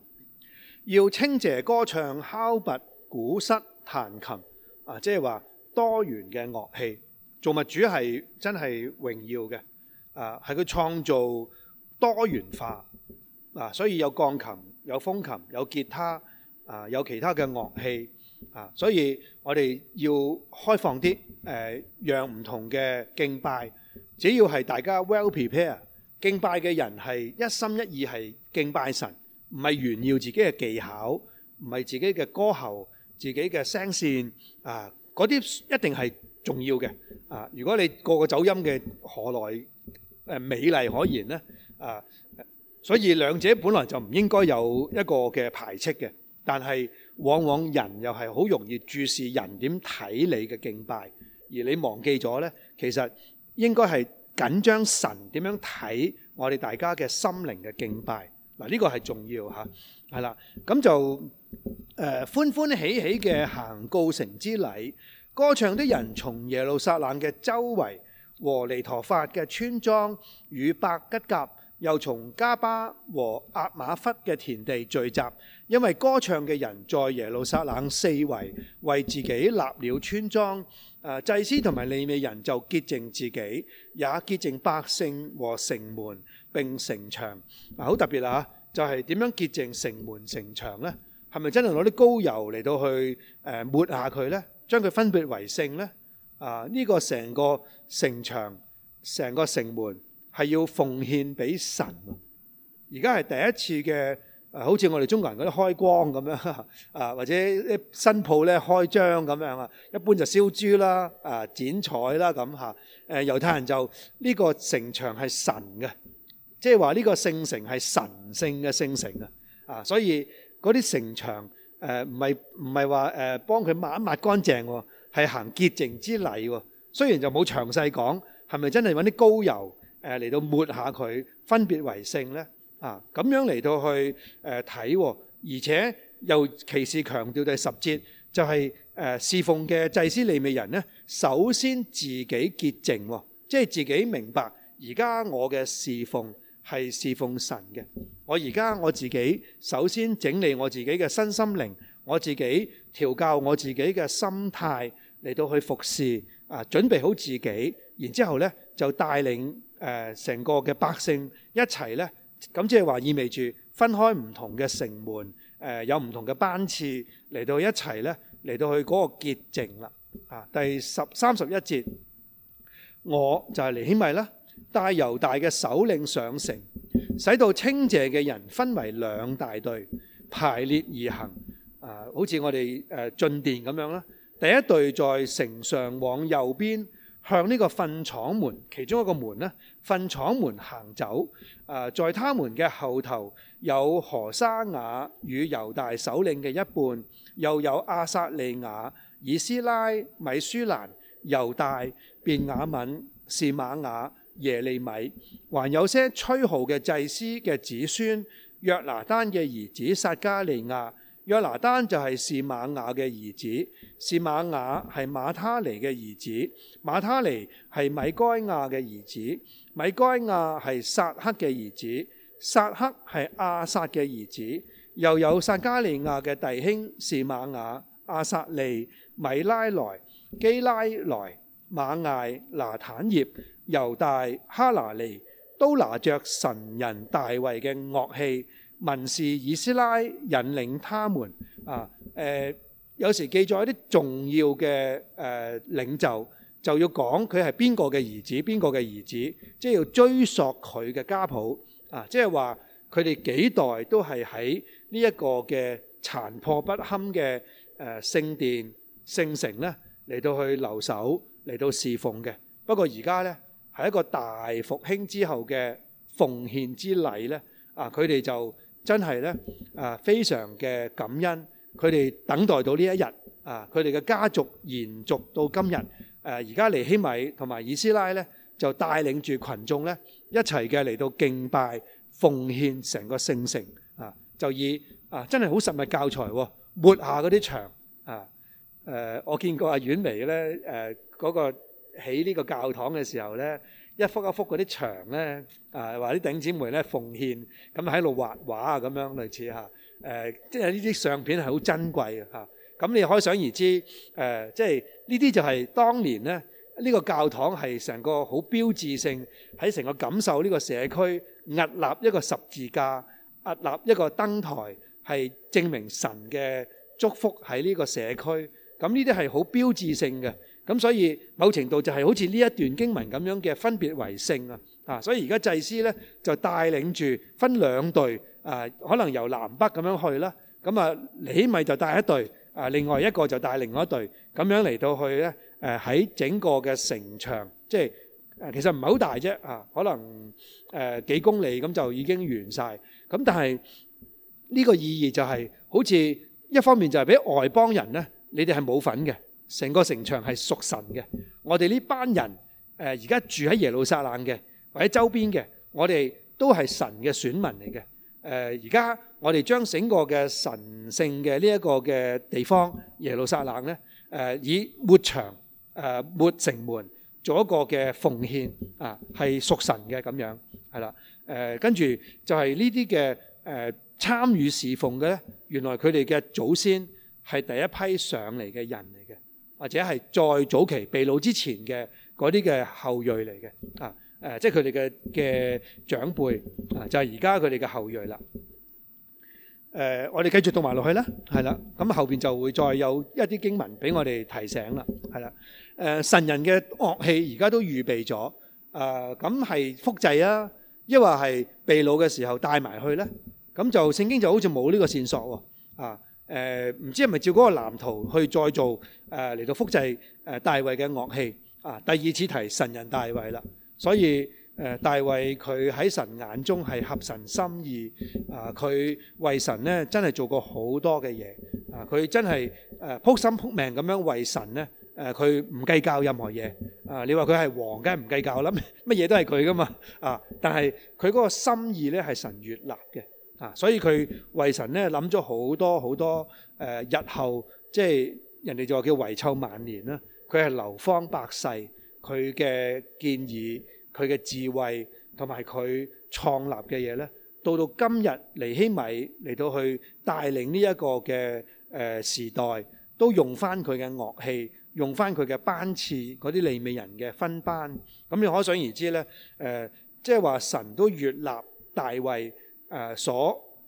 要稱謝歌唱、敲鈸、鼓瑟、彈琴。啊，即係話多元嘅樂器，造物主係真係榮耀嘅。啊，係佢創造多元化啊，所以有鋼琴、有風琴、有吉他啊，有其他嘅樂器啊，所以我哋要開放啲誒、呃，讓唔同嘅敬拜，只要係大家 well prepare，敬拜嘅人係一心一意係敬拜神，唔係炫耀自己嘅技巧，唔係自己嘅歌喉。自己嘅聲線啊，嗰啲一定係重要嘅啊！如果你個個走音嘅，何來誒美麗可言呢？啊，所以兩者本來就唔應該有一個嘅排斥嘅，但係往往人又係好容易注視人點睇你嘅敬拜，而你忘記咗呢，其實應該係緊張神點樣睇我哋大家嘅心靈嘅敬拜嗱，呢個係重要嚇，係啦，咁就。誒、啊，歡歡喜喜嘅行告成之禮，歌唱的人從耶路撒冷嘅周圍和尼陀法嘅村莊與白吉甲，又從加巴和阿馬忽嘅田地聚集，因為歌唱嘅人在耶路撒冷四圍為自己立了村莊，啊。祭司同埋利未人就潔淨自己，也潔淨百姓和城門並城牆。好、啊、特別啦、啊，就係、是、點樣潔淨城門城牆呢？係咪真係攞啲高油嚟到去誒抹下佢咧，將佢分別為聖咧？啊！呢個成個城牆、成個城門係要奉獻俾神。而家係第一次嘅誒，好似我哋中國人嗰啲開光咁樣啊，或者啲新鋪咧開張咁樣啊，一般就燒豬啦、啊，剪彩啦咁嚇。誒猶太人就呢個城牆係神嘅，即係話呢個聖城係神聖嘅聖城啊！啊，所以。嗰啲城牆，誒唔係唔係話誒幫佢抹一抹乾淨喎，係行潔淨之禮喎。雖然就冇詳細講，係咪真係揾啲高油誒嚟到抹下佢，分別為聖咧？啊，咁樣嚟到去誒睇，而且尤其是強調第十節，就係誒侍奉嘅祭司利未人咧，首先自己潔淨，即係自己明白而家我嘅侍奉。係侍奉神嘅，我而家我自己首先整理我自己嘅身心靈，我自己調教我自己嘅心態嚟到去服侍啊，準備好自己，然之後咧就帶領誒成個嘅百姓一齊咧，咁即係話意味住分開唔同嘅城門誒，有唔同嘅班次嚟到一齊咧，嚟到去嗰個潔淨啦啊。第十三十一節，我就係嚟起咪啦。帶猶大嘅首領上城，使到清潔嘅人分為兩大隊，排列而行。好似我哋，呃，進殿咁樣啦。第一隊在城上往右邊，向呢個糞廠門，其中一個門呢，糞廠門行走。呃，在他們嘅後頭，有何沙雅與猶大首領嘅一半，又有阿撒利亞、以斯拉、米舒蘭、猶大、便雅憫、士馬亞、耶利米，還有些吹號嘅祭司嘅子孫，約拿單嘅兒子撒迦利亞，約拿單就係示瑪雅嘅兒子，士馬示瑪雅係馬他尼嘅兒子，馬他尼係米該亞嘅兒子，米該亞係撒克嘅兒子，撒克係亞撒嘅兒子，又有撒迦利亞嘅弟兄示瑪雅、亞撒利、米拉萊、基拉萊、馬艾、拿坦業。猶大、哈拿尼都拿着神人大衛嘅樂器，文士以斯拉引領他們啊。誒，有時記載一啲重要嘅誒領袖，就要講佢係邊個嘅兒子，邊個嘅兒子，即係要追溯佢嘅家譜啊。即係話佢哋幾代都係喺呢一個嘅殘破不堪嘅誒聖殿、聖城咧嚟到去留守嚟到侍奉嘅。不過而家呢。喺一個大復興之後嘅奉獻之禮咧，啊，佢哋就真係咧，啊，非常嘅感恩。佢哋等待到呢一日，啊，佢哋嘅家族延續到今日。誒，而家尼希米同埋以斯拉咧，就帶領住羣眾咧一齊嘅嚟到敬拜奉獻成個聖城啊，就以啊，真係好實物教材喎，抹下嗰啲牆啊。誒，我見過阿婉薇咧，誒嗰個。起呢個教堂嘅時候咧，一幅一幅嗰啲牆咧，啊，或啲頂姊妹咧奉獻，咁喺度畫畫啊，咁樣類似嚇，誒，即係呢啲相片係好珍貴嘅嚇。咁你可想而知，誒，即係呢啲就係當年咧，呢個教堂係成個好標誌性，喺成個感受呢個社區屹立一個十字架，屹立一個燈台，係證明神嘅祝福喺呢個社區。咁呢啲係好標誌性嘅。咁所以某程度就係好似呢一段經文咁樣嘅分別為聖啊，啊！所以而家祭司咧就帶領住分兩隊啊，可能由南北咁樣去啦。咁啊，你咪就帶一隊啊，另外一個就帶另外一隊咁樣嚟到去咧。誒喺整個嘅城牆，即係誒其實唔係好大啫啊，可能誒幾公里咁就已經完晒。咁但係呢個意義就係好似一方面就係俾外邦人咧，你哋係冇份嘅。成個城牆係屬神嘅，我哋呢班人誒而家住喺耶路撒冷嘅，或者周邊嘅，我哋都係神嘅選民嚟嘅。誒而家我哋將整個嘅神聖嘅呢一個嘅地方耶路撒冷咧，誒以抹牆誒抹城門做一個嘅奉獻啊，係屬神嘅咁樣，係啦。誒跟住就係呢啲嘅誒參與侍奉嘅咧，原來佢哋嘅祖先係第一批上嚟嘅人嚟嘅。或者係再早期被擄之前嘅嗰啲嘅後裔嚟嘅啊，誒、呃，即係佢哋嘅嘅長輩啊，就係而家佢哋嘅後裔啦。誒、呃，我哋繼續讀埋落去啦，係啦，咁、嗯、後邊就會再有一啲經文俾我哋提醒啦，係啦。誒、呃，神人嘅樂器而家都預備咗、呃啊嗯啊，啊，咁係複製啊，亦或係被擄嘅時候帶埋去咧？咁就聖經就好似冇呢個線索喎，啊，誒，唔知係咪照嗰個藍圖去再做？誒嚟到複製大衛嘅樂器啊！第二次提神人大衛啦，所以誒大衛佢喺神眼中係合神心意啊！佢為神咧真係做過好多嘅嘢啊！佢真係誒撲心撲命咁樣為神咧誒，佢唔計較任何嘢啊！你話佢係王梗係唔計較啦，乜嘢都係佢噶嘛啊！但係佢嗰個心意咧係神悅納嘅啊，所以佢為神咧諗咗好多好多誒，日後即係。人哋就話叫遺臭萬年啦，佢係流芳百世。佢嘅建議、佢嘅智慧同埋佢創立嘅嘢呢，到到今日，尼希米嚟到去帶領呢一個嘅誒時代，都用翻佢嘅樂器，用翻佢嘅班次嗰啲利未人嘅分班。咁你可想而知呢誒、呃，即係話神都越立大衛誒所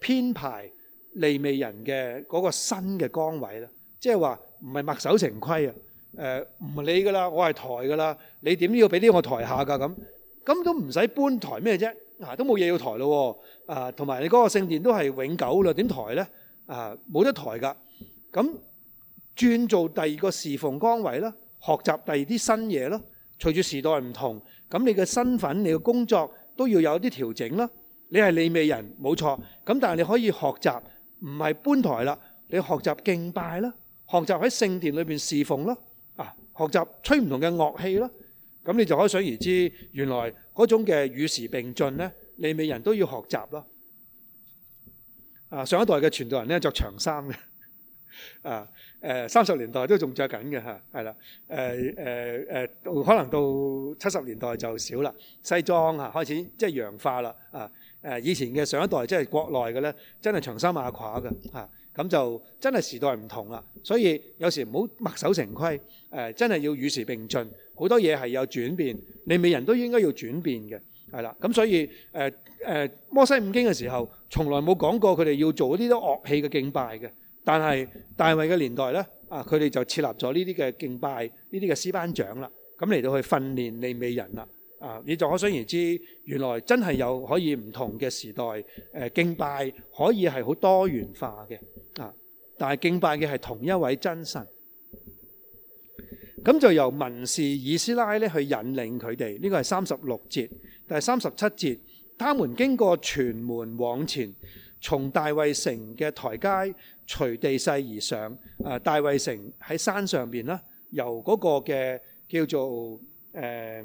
編排利未人嘅嗰個新嘅崗位啦。即係話唔係墨守成規啊！誒唔理㗎啦，我係抬㗎啦，你點都要俾啲我抬下㗎咁。咁都唔使搬台咩啫？啊，都冇嘢要抬咯。啊，同埋你嗰個聖殿都係永久啦，點抬呢？啊，冇得抬㗎。咁轉做第二個侍奉崗位啦，學習第二啲新嘢咯。隨住時代唔同，咁你嘅身份、你嘅工作都要有啲調整啦。你係利未人，冇錯。咁但係你可以學習，唔係搬台啦，你學習敬拜啦。學習喺聖殿裏邊侍奉咯，啊，啊，學習吹唔同嘅樂器咯，咁你就可以想而知，原來嗰種嘅與時並進咧，你每人都要學習咯。啊，上一代嘅傳道人咧着長衫嘅，啊，誒三十年代都仲着緊嘅嚇，係啦，誒誒誒，可能到七十年代就少啦，西裝嚇、啊、開始即係洋化啦，啊，啊，誒以前嘅上一代即係國內嘅咧，真係長衫馬褂嘅嚇。咁就真係時代唔同啦，所以有時唔好墨守成規，誒真係要與時並進，好多嘢係有轉變，利未人都應該要轉變嘅，係啦。咁所以誒誒摩西五經嘅時候，從來冇講過佢哋要做呢啲樂器嘅敬拜嘅，但係大衛嘅年代呢，啊佢哋就設立咗呢啲嘅敬拜，呢啲嘅詩班長啦，咁嚟到去訓練利未人啦。啊！你就可想而知，原來真係有可以唔同嘅時代誒、呃、敬拜，可以係好多元化嘅啊！但係敬拜嘅係同一位真神。咁、啊啊啊啊啊、就由文士以斯拉咧去引領佢哋，呢個係三十六節，第三十七節，他們經過全門往前，從大衛城嘅台階隨地勢而上啊！大衛城喺山上邊啦，由嗰個嘅叫做誒。呃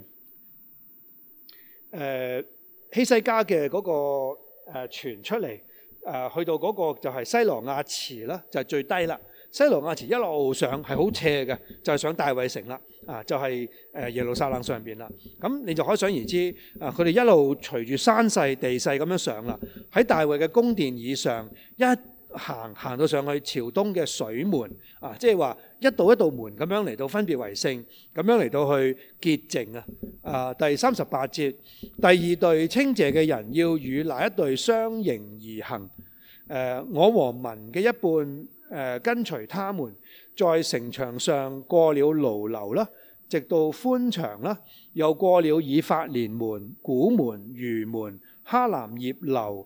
誒、呃、希西家嘅嗰、那個誒、呃、傳出嚟，誒、呃、去到嗰個就係西羅亞池啦，就係、是、最低啦。西羅亞池一路上係好斜嘅，就係、是、上大衛城啦，啊就係、是、誒、呃、耶路撒冷上邊啦。咁你就可想而知，啊佢哋一路隨住山勢地勢咁樣上啦，喺大衛嘅宮殿以上一。行行到上去朝東嘅水門啊，即係話一道一道門咁樣嚟到分別為聖，咁樣嚟到去潔淨啊！啊，第三十八節，第二隊稱謝嘅人要與哪一隊相迎而行？誒、啊，我和民嘅一半誒、啊，跟隨他們，在城牆上過了爐樓，啦，直到寬牆啦，又過了以法蓮門、古門、魚門、哈楠業樓。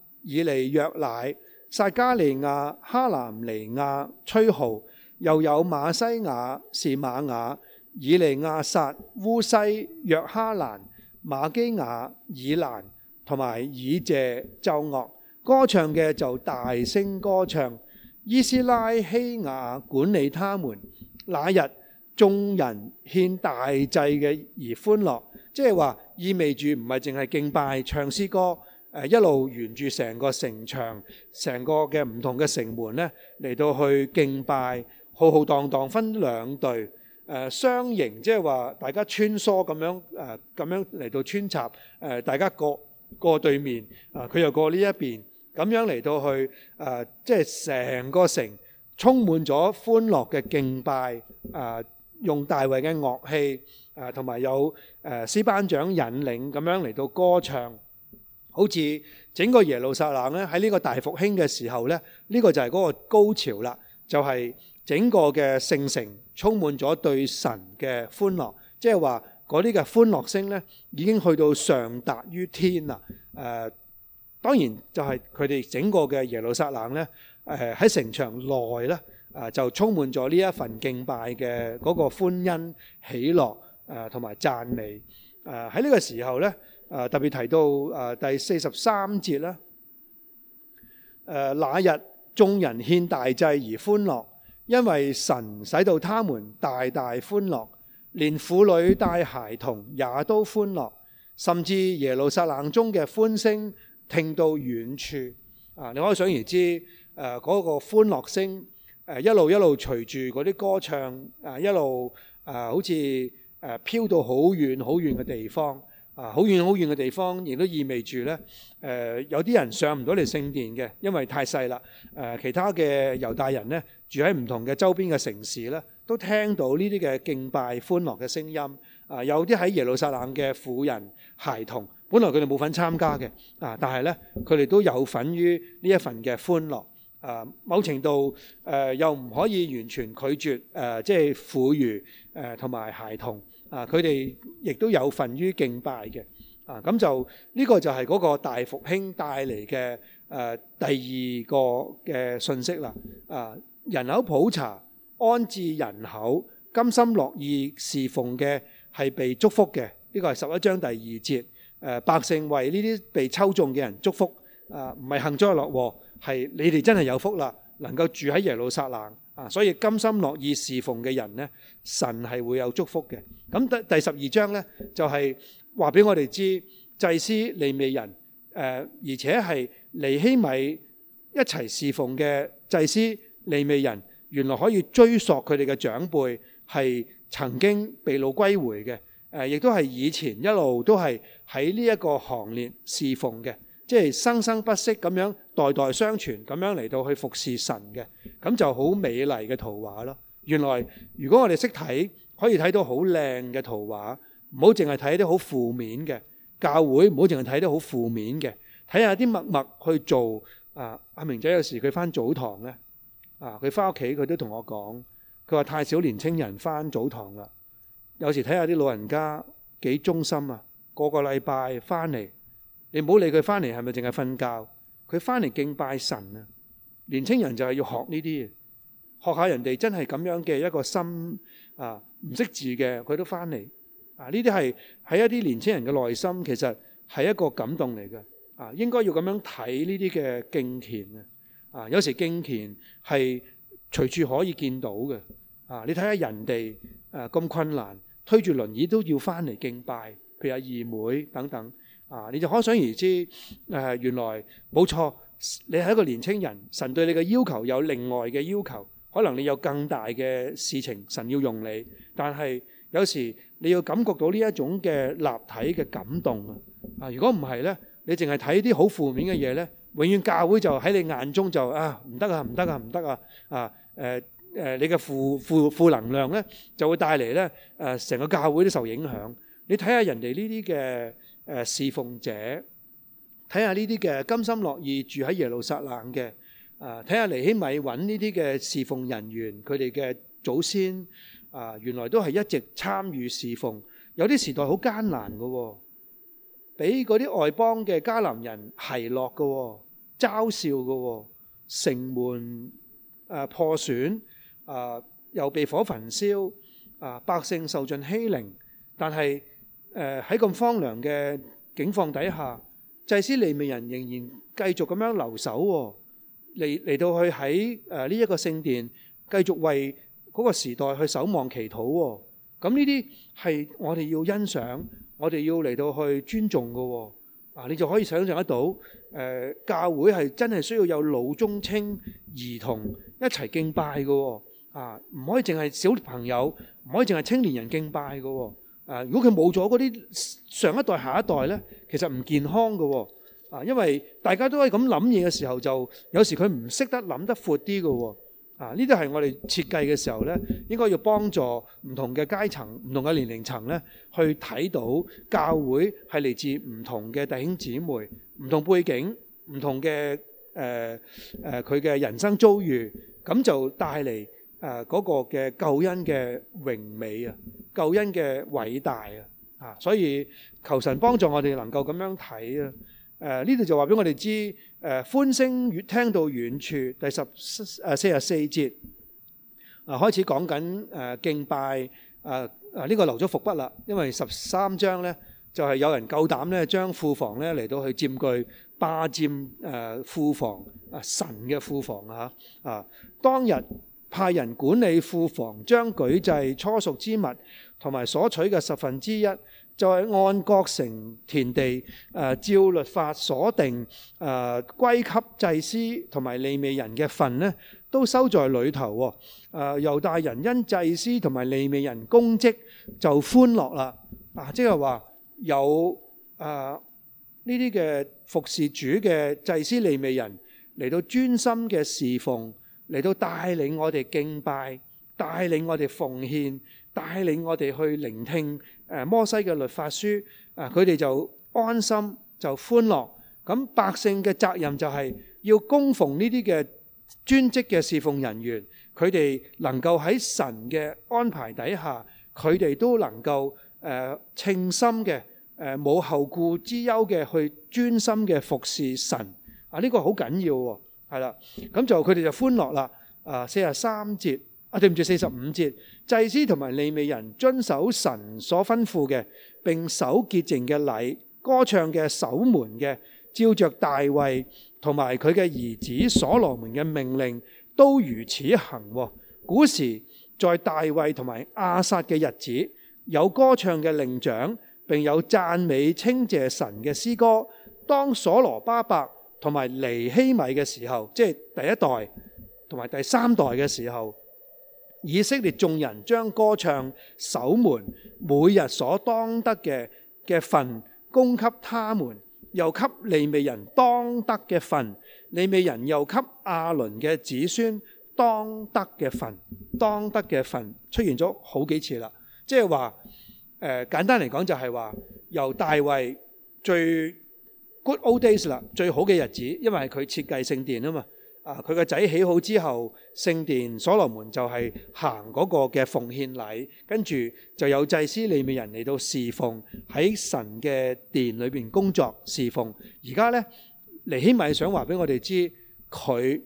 以利約乃、撒加利亞、哈南尼亞、吹號，又有馬西亞、是瑪雅、以利亞撒、烏西、約哈蘭、瑪基雅、以蘭，同埋以謝奏樂歌唱嘅就大聲歌唱。伊斯拉希雅管理他們，那日眾人獻大祭嘅而歡樂，即係話意味住唔係淨係敬拜唱詩歌。誒一路沿住成個城牆，成個嘅唔同嘅城門咧，嚟到去敬拜，浩浩蕩蕩分兩隊，誒雙營，即係話大家穿梭咁樣，誒咁樣嚟到穿插，誒大家過過對面，啊佢又過呢一邊，咁樣嚟到去，誒即係成個城充滿咗歡樂嘅敬拜，啊用大衞嘅樂器，啊同埋有誒司班長引領咁樣嚟到歌唱。好似整個耶路撒冷咧，喺呢個大復興嘅時候咧，呢個就係嗰個高潮啦。就係整個嘅聖城充滿咗對神嘅歡樂，即係話嗰啲嘅歡樂聲咧已經去到上達於天啦。誒，當然就係佢哋整個嘅耶路撒冷咧，誒喺城牆內咧啊，就充滿咗呢一份敬拜嘅嗰個歡欣喜樂啊，同埋讚美啊喺呢個時候咧。啊、呃！特別提到啊、呃、第四十三節啦。誒、呃、那日眾人獻大祭而歡樂，因為神使到他們大大歡樂，連婦女帶孩童也都歡樂，甚至耶路撒冷中嘅歡聲聽到遠處。啊、呃！你可以想而知，誒、呃、嗰、那個歡樂聲、呃、一路一路隨住嗰啲歌唱，呃、一路誒、呃、好似誒飄到好遠好遠嘅地方。啊，好遠好遠嘅地方，亦都意味住呢。誒、呃、有啲人上唔到嚟聖殿嘅，因為太細啦。誒、呃，其他嘅猶大人呢，住喺唔同嘅周邊嘅城市呢，都聽到呢啲嘅敬拜歡樂嘅聲音。啊，有啲喺耶路撒冷嘅婦人、孩童，本來佢哋冇份參加嘅，啊，但係呢，佢哋都有份於呢一份嘅歡樂。啊，某程度誒、呃、又唔可以完全拒絕誒、呃，即係婦孺誒同埋孩童。啊！佢哋亦都有份於敬拜嘅。啊，咁就呢個就係嗰個大復興帶嚟嘅，誒第二個嘅信息啦。啊，人口普查安置人口，甘心樂意侍奉嘅係被祝福嘅。呢個係十一章第二節。誒，百姓為呢啲被抽中嘅人祝福。啊，唔係幸災樂禍，係你哋真係有福啦，能夠住喺耶路撒冷。所以甘心樂意侍奉嘅人咧，神係會有祝福嘅。咁第第十二章呢，就係話俾我哋知祭司利未人，誒，而且係尼希米一齊侍奉嘅祭司利未人，原來可以追溯佢哋嘅長輩係曾經被擄歸回嘅，誒，亦都係以前一路都係喺呢一個行列侍奉嘅。即係生生不息咁樣代代相傳咁樣嚟到去服侍神嘅，咁就好美麗嘅圖畫咯。原來如果我哋識睇，可以睇到好靚嘅圖畫，唔好淨係睇啲好負面嘅，教會唔好淨係睇啲好負面嘅。睇下啲默默去做啊！阿明仔有時佢翻早堂咧，啊，佢翻屋企佢都同我講，佢話太少年青人翻早堂啦。有時睇下啲老人家幾忠心啊，個個禮拜翻嚟。你唔好理佢翻嚟係咪淨係瞓覺，佢翻嚟敬拜神啊！年青人就係要學呢啲，學下人哋真係咁樣嘅一個心啊！唔識字嘅佢都翻嚟啊！呢啲係喺一啲年青人嘅內心，其實係一個感動嚟嘅啊！應該要咁樣睇呢啲嘅敬虔啊！啊，有時敬虔係隨處可以見到嘅啊！你睇下人哋誒，咁困難，推住輪椅都要翻嚟敬拜，譬如阿二妹等等。啊！你就可想而知，誒原來冇錯，你係一個年青人，神對你嘅要求有另外嘅要求，可能你有更大嘅事情，神要用你。但係有時你要感覺到呢一種嘅立體嘅感動啊！啊，如果唔係呢，你淨係睇啲好負面嘅嘢呢，永遠教會就喺你眼中就啊唔得啊，唔得啊，唔得啊啊誒誒，你嘅負負負能量呢，就會帶嚟呢誒成個教會都受影響。你睇下人哋呢啲嘅。誒侍奉者，睇下呢啲嘅甘心樂意住喺耶路撒冷嘅，啊睇下尼希米揾呢啲嘅侍奉人員，佢哋嘅祖先，啊原來都係一直參與侍奉，有啲時代好艱難嘅，俾嗰啲外邦嘅迦南人奚落嘅，嘲笑嘅，城門誒破損，啊又被火焚燒，啊百姓受盡欺凌，但係，誒喺咁荒涼嘅境況底下，祭司利未人仍然繼續咁樣留守、哦，嚟嚟到去喺誒呢一個聖殿繼續為嗰個時代去守望祈禱、哦。咁呢啲係我哋要欣賞，我哋要嚟到去尊重嘅、哦。啊，你就可以想象得到，誒、呃、教會係真係需要有老中青兒童一齊敬拜嘅、哦。啊，唔可以淨係小朋友，唔可以淨係青年人敬拜嘅、哦。啊！如果佢冇咗嗰啲上一代、下一代呢，其實唔健康嘅啊，因為大家都可以咁諗嘢嘅時候，就有時佢唔識得諗得闊啲嘅啊，呢啲係我哋設計嘅時候呢，應該要幫助唔同嘅階層，唔同嘅年齡層呢，去睇到教會係嚟自唔同嘅弟兄姊妹、唔同背景、唔同嘅誒佢嘅人生遭遇，咁就帶嚟。誒嗰個嘅救恩嘅榮美啊，救恩嘅偉大啊，啊！所以求神幫助我哋能夠咁樣睇啦。誒呢度就話俾我哋知，誒歡聲越聽到遠處，第十誒四十四節啊，開始講緊誒敬拜啊啊！呢個留咗伏筆啦，因為十三章咧就係有人夠膽咧將庫房咧嚟到去佔據霸佔誒庫房啊神嘅庫房啊啊！當日。派人管理庫房，將舉祭初熟之物同埋所取嘅十分之一，再按各城田地誒照律法所定誒歸給祭司同埋利未人嘅份呢都收在裏頭喎。誒猶大人因祭司同埋利未人供職就歡樂啦。啊，即係話有誒呢啲嘅服侍主嘅祭司利未人嚟到專心嘅侍奉。嚟到帶領我哋敬拜，帶領我哋奉獻，帶領我哋去聆聽誒摩西嘅律法書啊！佢哋就安心就歡樂。咁百姓嘅責任就係要供奉呢啲嘅專職嘅侍奉人員，佢哋能夠喺神嘅安排底下，佢哋都能夠誒稱心嘅誒冇後顧之憂嘅去專心嘅服侍神啊！呢個好緊要喎。係啦，咁就佢哋就歡樂啦。啊，四十三節啊，對唔住，四十五節，祭司同埋利未人遵守神所吩咐嘅，並守潔淨嘅禮，歌唱嘅守門嘅照着大衛同埋佢嘅兒子所羅門嘅命令都如此行。古時在大衛同埋亞薩嘅日子，有歌唱嘅伶長並有讚美稱謝神嘅詩歌。當所羅巴伯，伯。同埋尼希米嘅時候，即係第一代同埋第三代嘅時候，以色列眾人將歌唱守門，每日所當得嘅嘅份，供給他們，又給利未人當得嘅份，利未人又給亞倫嘅子孫當得嘅份，當得嘅份出現咗好幾次啦。即係話，誒、呃、簡單嚟講就係話，由大衛最。Good old days 啦，最好嘅日子，因為佢設計聖殿啊嘛。啊，佢個仔起好之後，聖殿所羅門就係行嗰個嘅奉獻禮，跟住就有祭司裏面人嚟到侍奉，喺神嘅殿裏邊工作侍奉。而家咧，尼希米想話俾我哋知，佢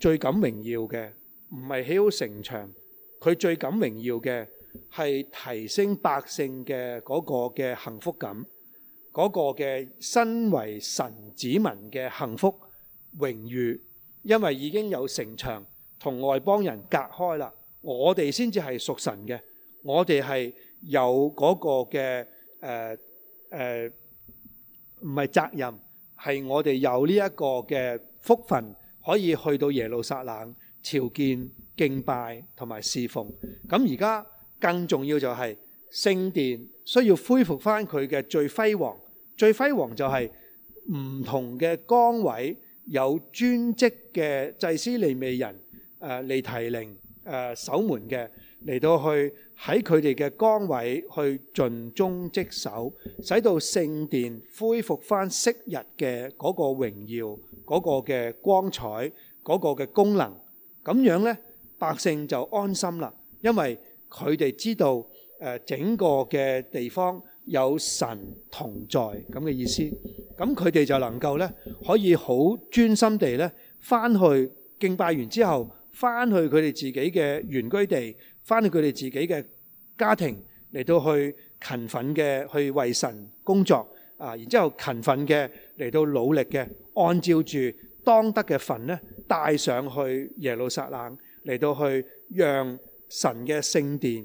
最感榮耀嘅唔係起好城牆，佢最感榮耀嘅係提升百姓嘅嗰個嘅幸福感。嗰個嘅身為神子民嘅幸福榮譽，因為已經有城牆同外邦人隔開啦，我哋先至係屬神嘅，我哋係有嗰個嘅誒誒，唔係責任，係我哋有呢一個嘅福分，可以去到耶路撒冷朝見敬拜同埋侍奉。咁而家更重要就係。聖殿需要恢復翻佢嘅最輝煌，最輝煌就係唔同嘅崗位，有專職嘅祭司利未人，誒尼提寧，誒守門嘅嚟到去喺佢哋嘅崗位去盡忠職守，使到聖殿恢復翻昔日嘅嗰個榮耀、嗰個嘅光彩、嗰個嘅功能。咁樣呢，百姓就安心啦，因為佢哋知道。整個嘅地方有神同在咁嘅意思，咁佢哋就能夠呢，可以好專心地呢翻去敬拜完之後，翻去佢哋自己嘅原居地，翻去佢哋自己嘅家庭，嚟到去勤奮嘅去為神工作啊！然之後勤奮嘅嚟到努力嘅，按照住當得嘅份呢帶上去耶路撒冷，嚟到去讓神嘅聖殿。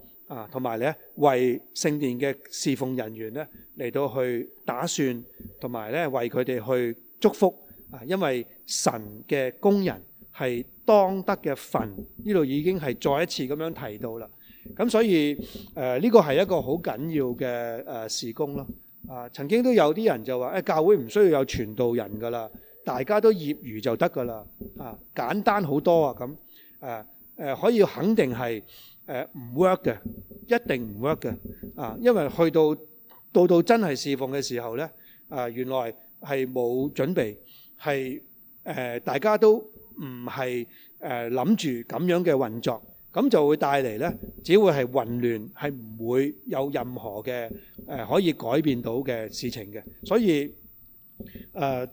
啊，同埋咧，為聖殿嘅侍奉人員咧，嚟到去打算，同埋咧，為佢哋去祝福啊！因為神嘅工人係當得嘅份，呢度已經係再一次咁樣提到啦。咁所以誒，呢個係一個好緊要嘅誒事工咯。啊、呃，曾經都有啲人就話：誒、哎，教會唔需要有傳道人㗎啦，大家都業餘就得㗎啦。啊，簡單好多啊！咁誒、呃呃，可以肯定係。誒唔 work 嘅，一定唔 work 嘅啊！因為去到到到真係侍奉嘅時候咧，原來係冇準備，係誒、呃、大家都唔係誒諗住咁樣嘅運作，咁就會帶嚟咧，只會係混亂，係唔會有任何嘅、呃、可以改變到嘅事情嘅。所以誒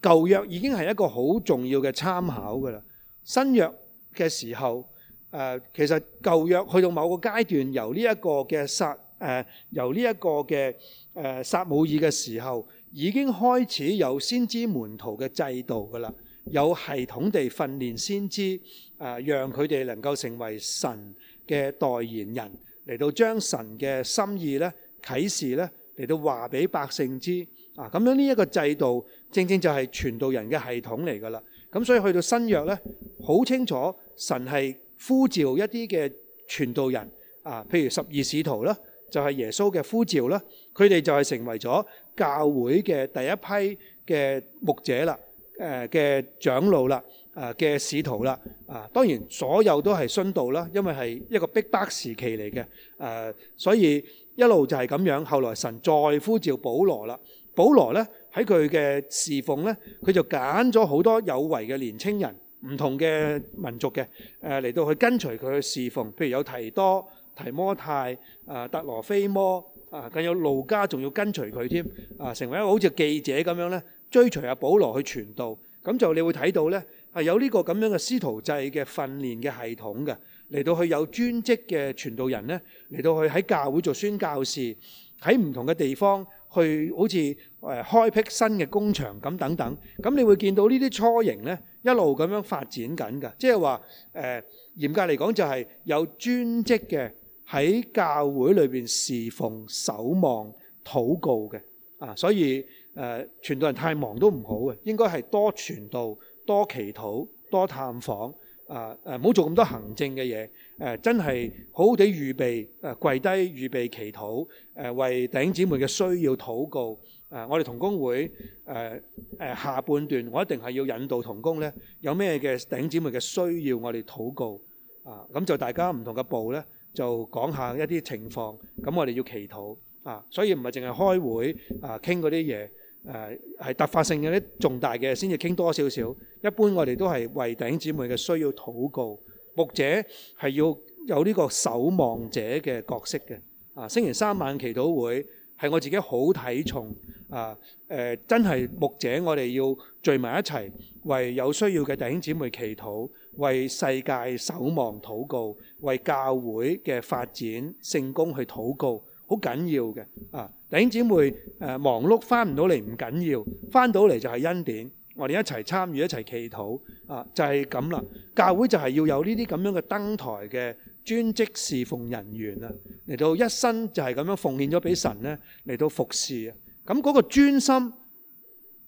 舊約已經係一個好重要嘅參考㗎啦，新約嘅時候。誒，其實舊約去到某個階段，由呢一個嘅撒誒，由呢一個嘅誒撒母耳嘅時候，已經開始有先知門徒嘅制度噶啦，有系統地訓練先知，誒，讓佢哋能夠成為神嘅代言人，嚟到將神嘅心意咧、啟示咧，嚟到話俾百姓知。啊，咁樣呢一個制度，正正就係傳道人嘅系統嚟噶啦。咁所以去到新約咧，好清楚神係。呼召一啲嘅傳道人啊，譬如十二使徒啦，就係耶穌嘅呼召啦，佢哋就係成為咗教會嘅第一批嘅牧者啦、誒嘅長老啦、誒嘅使徒啦。啊，當然所有都係殉道啦，因為係一個逼迫時期嚟嘅。誒，所以一路就係咁樣。後來神再呼召保羅啦，保羅呢喺佢嘅侍奉呢，佢就揀咗好多有為嘅年青人。唔同嘅民族嘅，誒嚟到去跟隨佢去侍奉，譬如有提多、提摩太，啊特羅菲摩，啊更有路加，仲要跟隨佢添，啊成為一個好似記者咁樣咧，追隨阿保羅去傳道。咁就你會睇到咧，係有呢個咁樣嘅師徒制嘅訓練嘅系統嘅，嚟到去有專職嘅傳道人咧，嚟到去喺教會做宣教士，喺唔同嘅地方去好似誒開闢新嘅工場咁等等。咁你會見到呢啲雛形咧。一路咁樣發展緊㗎，即係話誒嚴格嚟講就係有專職嘅喺教會裏面侍奉、守望、禱告嘅啊，所以誒傳、呃、道人太忙都唔好嘅，應該係多傳道、多祈禱、多探訪啊誒，唔、呃、好做咁多行政嘅嘢誒，真係好好地預備、呃、跪低預備祈禱誒、呃，為弟兄姊妹嘅需要禱告。誒，我哋同工會誒誒下半段，我一定係要引導同工咧，有咩嘅頂姊妹嘅需要，我哋禱告啊。咁就大家唔同嘅部咧，就講下一啲情況。咁我哋要祈禱啊。所以唔係淨係開會啊，傾嗰啲嘢誒，係突發性嘅啲重大嘅先至傾多少少。一般我哋都係為頂姊妹嘅需要禱告，牧者係要有呢個守望者嘅角色嘅啊。星期三晚祈禱會係我自己好睇重。啊，誒真係牧者，我哋要聚埋一齊，為有需要嘅弟兄姊妹祈禱，為世界守望禱告，為教會嘅發展聖工去禱告，好緊要嘅。啊，弟兄姊妹誒忙碌，翻唔到嚟唔緊要，翻到嚟就係恩典。我哋一齊參與，一齊祈禱啊，就係咁啦。教會就係要有呢啲咁樣嘅登台嘅專職侍奉人員啊，嚟到一生就係咁樣奉獻咗俾神咧，嚟到服侍。咁嗰個專心，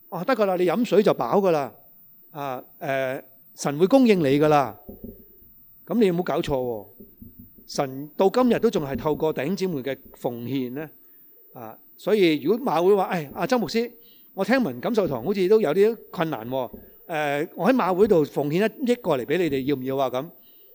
哦得噶啦，你飲水就飽噶啦，啊誒神會供應你噶啦。咁你有冇搞錯喎，神到今日都仲係透過弟兄姊妹嘅奉獻咧，啊所以如果馬會話誒阿周牧師，我聽聞錦繡堂好似都有啲困難，誒我喺馬會度奉獻一億過嚟俾你哋，要唔要啊？咁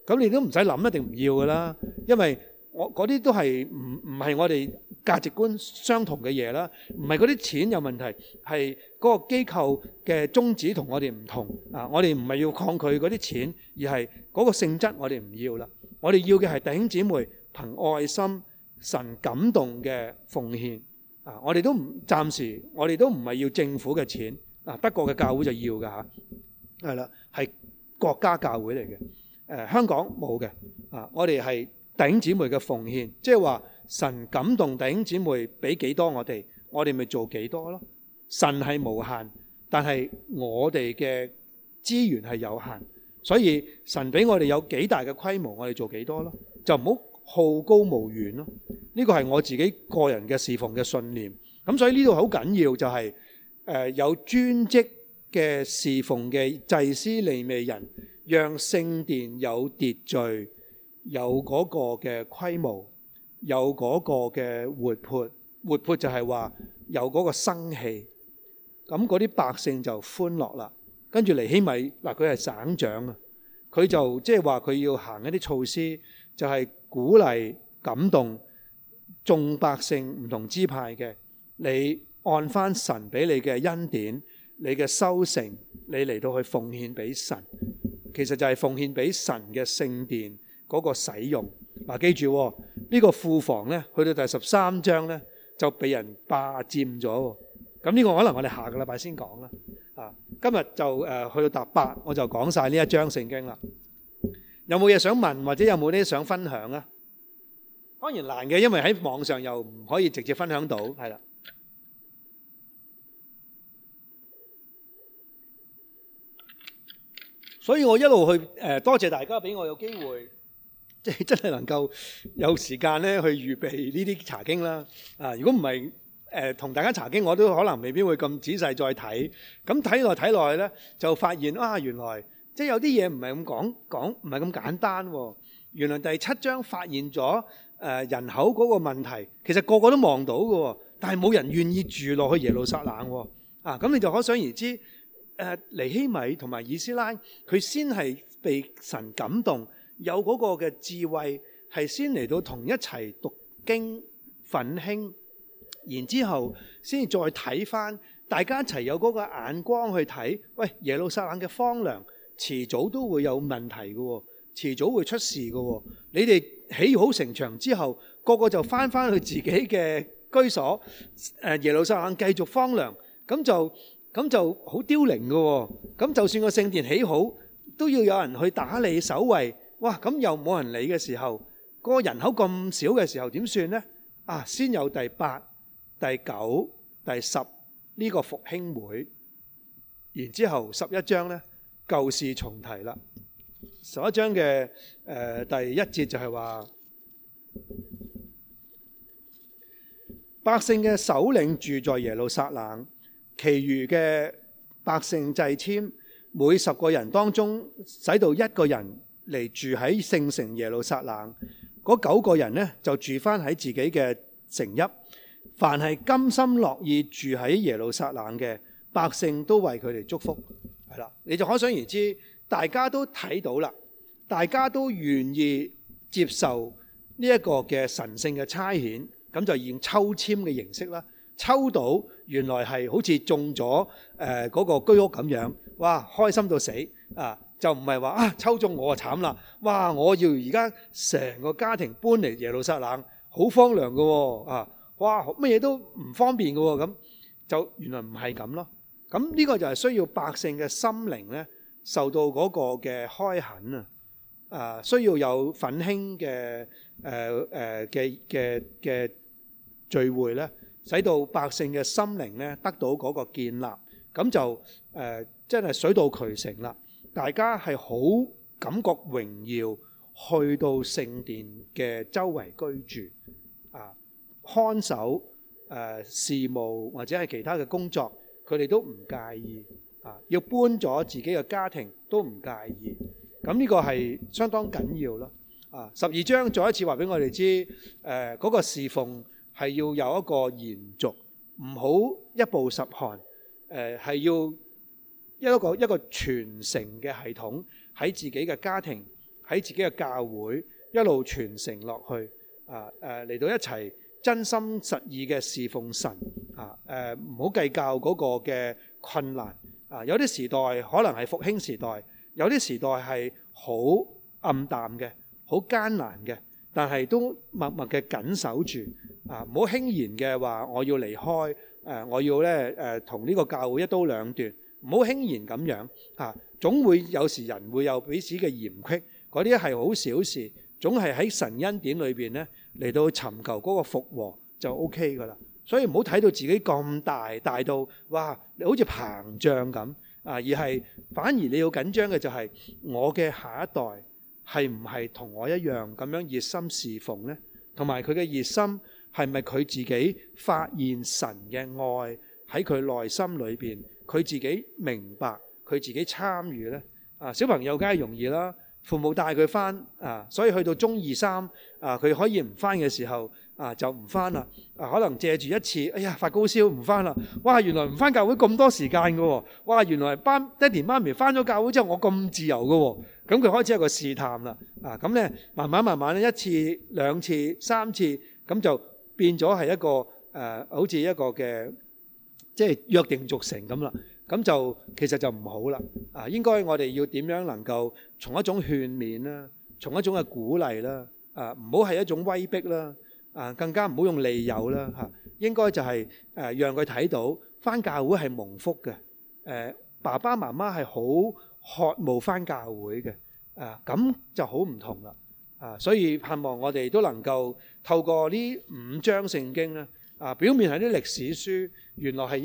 咁你都唔使諗，一定唔要噶啦，因為。是是我嗰啲都係唔唔係我哋價值觀相同嘅嘢啦，唔係嗰啲錢有問題，係嗰個機構嘅宗旨同我哋唔同啊！我哋唔係要抗拒嗰啲錢，而係嗰個性質我哋唔要啦。我哋要嘅係弟兄姊妹憑愛心、神感動嘅奉獻啊！我哋都唔暫時，我哋都唔係要政府嘅錢啊！德國嘅教會就要㗎嚇，係啦，係國家教會嚟嘅。誒，香港冇嘅啊，我哋係弟兄姊妹嘅奉獻，即係話神感動弟兄姊妹俾幾多我哋，我哋咪做幾多咯。神係無限，但係我哋嘅資源係有限，所以神俾我哋有幾大嘅規模，我哋做幾多咯。就唔好好高騖遠咯。呢個係我自己個人嘅侍奉嘅信念。咁所以呢度好緊要就係誒，有專職嘅侍奉嘅祭司利未人，讓聖殿有秩序。有嗰個嘅規模，有嗰個嘅活潑，活潑就係話有嗰個生氣，咁嗰啲百姓就歡樂啦。跟住尼希米嗱，佢係省長啊，佢就即係話佢要行一啲措施，就係鼓勵感動眾百姓唔同支派嘅，你按翻神俾你嘅恩典，你嘅修成，你嚟到去奉獻俾神，其實就係奉獻俾神嘅聖殿。嗰個使用，嗱記住呢個庫房咧，去到第十三章咧就俾人霸佔咗。咁呢個可能我哋下個禮拜先講啦。啊，今日就誒去到第八，我就講晒呢一章聖經啦。有冇嘢想問或者有冇啲想分享啊？當然難嘅，因為喺網上又唔可以直接分享到，係啦。所以我一路去誒，多謝大家俾我有機會。即係真係能夠有時間咧去預備呢啲查經啦啊！如果唔係誒同大家查經，我都可能未必會咁仔細再睇。咁睇落睇落咧，就發現哇，原來即係有啲嘢唔係咁講講，唔係咁簡單喎。原來第七章發現咗誒人口嗰個問題，其實個個都望到㗎，但係冇人願意住落去耶路撒冷喎啊！咁你就可想而知誒尼希米同埋以斯拉，佢先係被神感動。有嗰個嘅智慧係先嚟到同一齊讀經奮興，然之後先再睇翻大家一齊有嗰個眼光去睇，喂耶路撒冷嘅荒涼，遲早都會有問題嘅，遲早會出事嘅。你哋起好城牆之後，個個就翻翻去自己嘅居所，誒耶路撒冷繼續荒涼，咁就咁就好凋零嘅。咁就算個聖殿起好，都要有人去打理守衞。哇！咁又冇人理嘅時候，嗰個人口咁少嘅時候點算呢？啊，先有第八、第九、第十呢個復興會，然之後十一章呢，舊事重提啦。十一章嘅誒第一節就係話，百姓嘅首領住在耶路撒冷，其餘嘅百姓掣籤，每十個人當中使到一個人。嚟住喺聖城耶路撒冷，嗰九個人咧就住翻喺自己嘅城邑。凡係甘心樂意住喺耶路撒冷嘅百姓，都為佢哋祝福。係啦，你就可想而知，大家都睇到啦，大家都願意接受呢一個嘅神聖嘅差遣，咁就以抽籤嘅形式啦，抽到原來係好似中咗誒嗰個居屋咁樣，哇，開心到死啊！就唔係話啊，抽中我啊慘啦！哇！我要而家成個家庭搬嚟耶路撒冷，好荒涼嘅喎啊！哇！咩嘢都唔方便嘅喎，咁就原來唔係咁咯。咁呢個就係需要百姓嘅心靈咧，受到嗰個嘅開墾啊啊，需要有奮興嘅誒誒嘅嘅嘅聚會咧，使到百姓嘅心靈咧得到嗰個建立，咁就誒真係水到渠成啦。大家係好感覺榮耀，去到聖殿嘅周圍居住啊，看守誒事務或者係其他嘅工作，佢哋都唔介意啊。要搬咗自己嘅家庭都唔介意。咁呢個係相當緊要咯。啊，十二章再一次話俾我哋知，誒嗰個侍奉係要有一個延續，唔好一曝十寒，誒係要。一個一個傳承嘅系統喺自己嘅家庭，喺自己嘅教會一路傳承落去。啊誒，嚟到一齊真心實意嘅侍奉神。啊誒，唔好計較嗰個嘅困難。啊，有啲時代可能係復興時代，有啲時代係好暗淡嘅，好艱難嘅。但係都默默嘅緊守住。啊，唔好輕言嘅話我要離開。誒，我要咧誒同呢個教會一刀兩斷。唔好輕言咁樣嚇，總會有時人會有彼此嘅嫌隙，嗰啲係好小事。總係喺神恩典裏邊咧，嚟到尋求嗰個復和就 O K 噶啦。所以唔好睇到自己咁大，大到哇，你好似膨脹咁啊！而係反而你要緊張嘅就係我嘅下一代係唔係同我一樣咁樣熱心侍奉咧？同埋佢嘅熱心係咪佢自己發現神嘅愛喺佢內心裏邊？佢自己明白，佢自己參與呢。啊！小朋友梗係容易啦，父母帶佢翻啊，所以去到中二三啊，佢可以唔翻嘅時候啊，就唔翻啦啊，可能借住一次，哎呀發高燒唔翻啦！哇，原來唔翻教會咁多時間噶喎！哇，原來爸、爹哋、媽咪翻咗教會之後，我咁自由噶喎！咁佢開始有一個試探啦啊！咁呢慢慢慢慢咧，一次、兩次、三次，咁就變咗係一個誒、呃，好似一個嘅。即係約定俗成咁啦，咁就其實就唔好啦。啊，應該我哋要點樣能夠從一種勸勉啦，從一種嘅鼓勵啦，啊，唔好係一種威逼啦，啊，更加唔好用利誘啦嚇。應該就係誒，讓佢睇到翻教會係蒙福嘅，誒，爸爸媽媽係好渴望翻教會嘅，啊，咁就好唔同啦。啊，所以盼望我哋都能夠透過呢五章聖經咧。啊！表面係啲歷史書，原來係一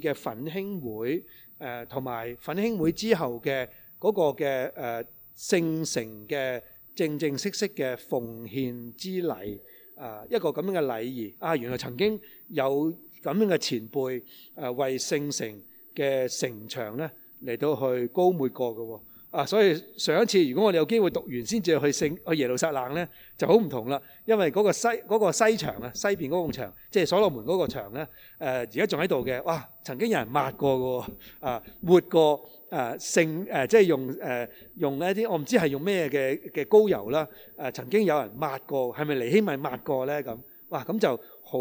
次嘅奮興會，誒同埋奮興會之後嘅嗰個嘅誒聖城嘅正正式式嘅奉獻之禮，啊，一個咁樣嘅禮儀。啊，原來曾經有咁樣嘅前輩誒為聖城嘅城牆咧嚟到去高沒過嘅喎。啊，所以上一次如果我哋有機會讀完先至去聖去耶路撒冷咧，就好唔同啦。因為嗰個西嗰個西牆啊，西邊嗰埲牆，即係所羅門嗰個牆咧，誒而家仲喺度嘅。哇，曾經有人抹過嘅喎，啊抹過誒聖誒，即係用誒用呢一啲我唔知係用咩嘅嘅高油啦。誒曾經有人抹過，係咪尼希米抹過咧咁？哇，咁就好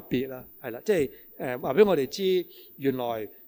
特別啦，係啦，即係誒話俾我哋知原來。.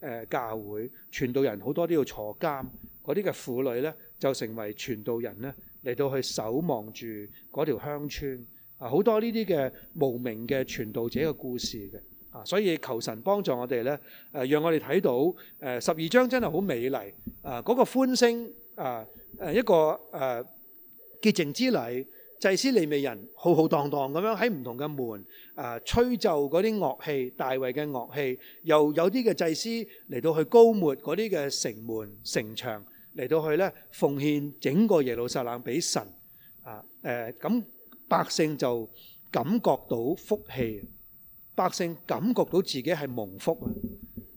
誒教會傳道人好多都要坐監，嗰啲嘅婦女呢，就成為傳道人呢，嚟到去守望住嗰條鄉村啊，好多呢啲嘅無名嘅傳道者嘅故事嘅啊，所以求神幫助我哋呢，誒讓我哋睇到誒十二章真係好美麗啊，嗰、那個歡聲啊誒一個誒潔淨之禮。祭司利未人浩浩蕩蕩咁樣喺唔同嘅門啊吹奏嗰啲樂器，大衛嘅樂器，又有啲嘅祭司嚟到去高抹嗰啲嘅城門城牆嚟到去咧奉獻整個耶路撒冷俾神啊！誒，咁百姓就感覺到福氣，百姓感覺到自己係蒙福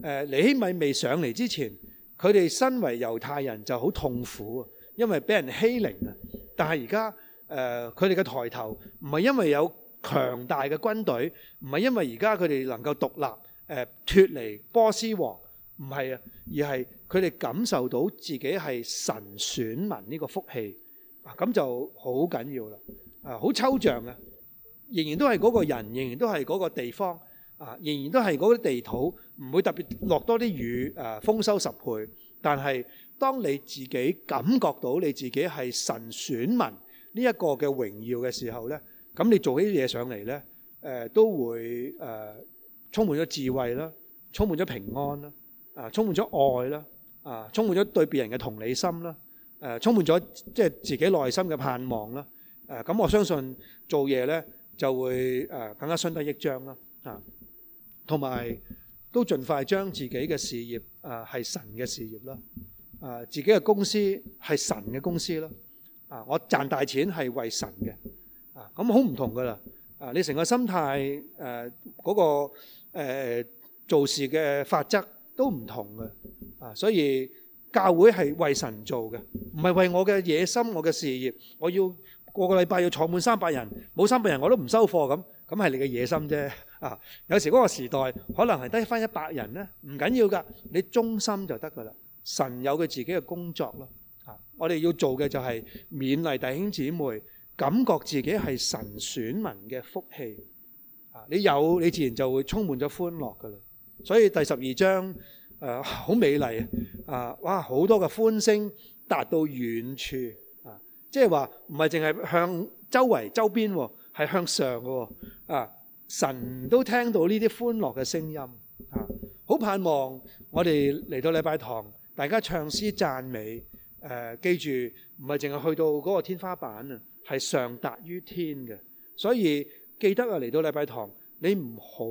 啊！誒，尼希米未上嚟之前，佢哋身為猶太人就好痛苦啊，因為俾人欺凌啊，但係而家。誒，佢哋嘅抬頭唔係因為有強大嘅軍隊，唔係因為而家佢哋能夠獨立，誒脫離波斯王，唔係啊，而係佢哋感受到自己係神選民呢個福氣啊，咁就好緊要啦，啊，好抽象啊，仍然都係嗰個人，仍然都係嗰個地方啊，仍然都係嗰個地土，唔會特別落多啲雨，誒，豐收十倍，但係當你自己感覺到你自己係神選民。呢一個嘅榮耀嘅時候呢，咁你做起啲嘢上嚟呢，誒都會誒充滿咗智慧啦，充滿咗平安啦，啊充滿咗愛啦，啊充滿咗對別人嘅同理心啦，誒充滿咗即係自己內心嘅盼望啦，誒咁我相信做嘢呢就會誒更加相得益彰啦，啊，同埋都盡快將自己嘅事業啊係神嘅事業啦，啊自己嘅公司係神嘅公司啦。啊！我賺大錢係為神嘅，啊咁好唔同噶啦！啊，你成個心態誒嗰個誒做事嘅法則都唔同嘅，啊，所以教會係為神做嘅，唔係為我嘅野心、我嘅事業，我要過個禮拜要坐滿三百人，冇三百人我都唔收貨咁，咁係你嘅野心啫！啊，有時嗰個時代可能係得翻一百人咧，唔緊要噶，你忠心就得噶啦，神有佢自己嘅工作咯。我哋要做嘅就係勉勵弟兄姊妹，感覺自己係神選民嘅福氣。啊，你有你自然就會充滿咗歡樂㗎喇。所以第十二章誒好美麗啊！哇，好多嘅歡聲達到遠處啊，即係話唔係淨係向周圍周邊，係向上嘅喎啊！神都聽到呢啲歡樂嘅聲音啊，好盼望我哋嚟到禮拜堂，大家唱詩讚美。呃，記住，唔係淨係去到嗰個天花板，係上達於天嘅。所以，記得嚟到禮拜堂，你唔好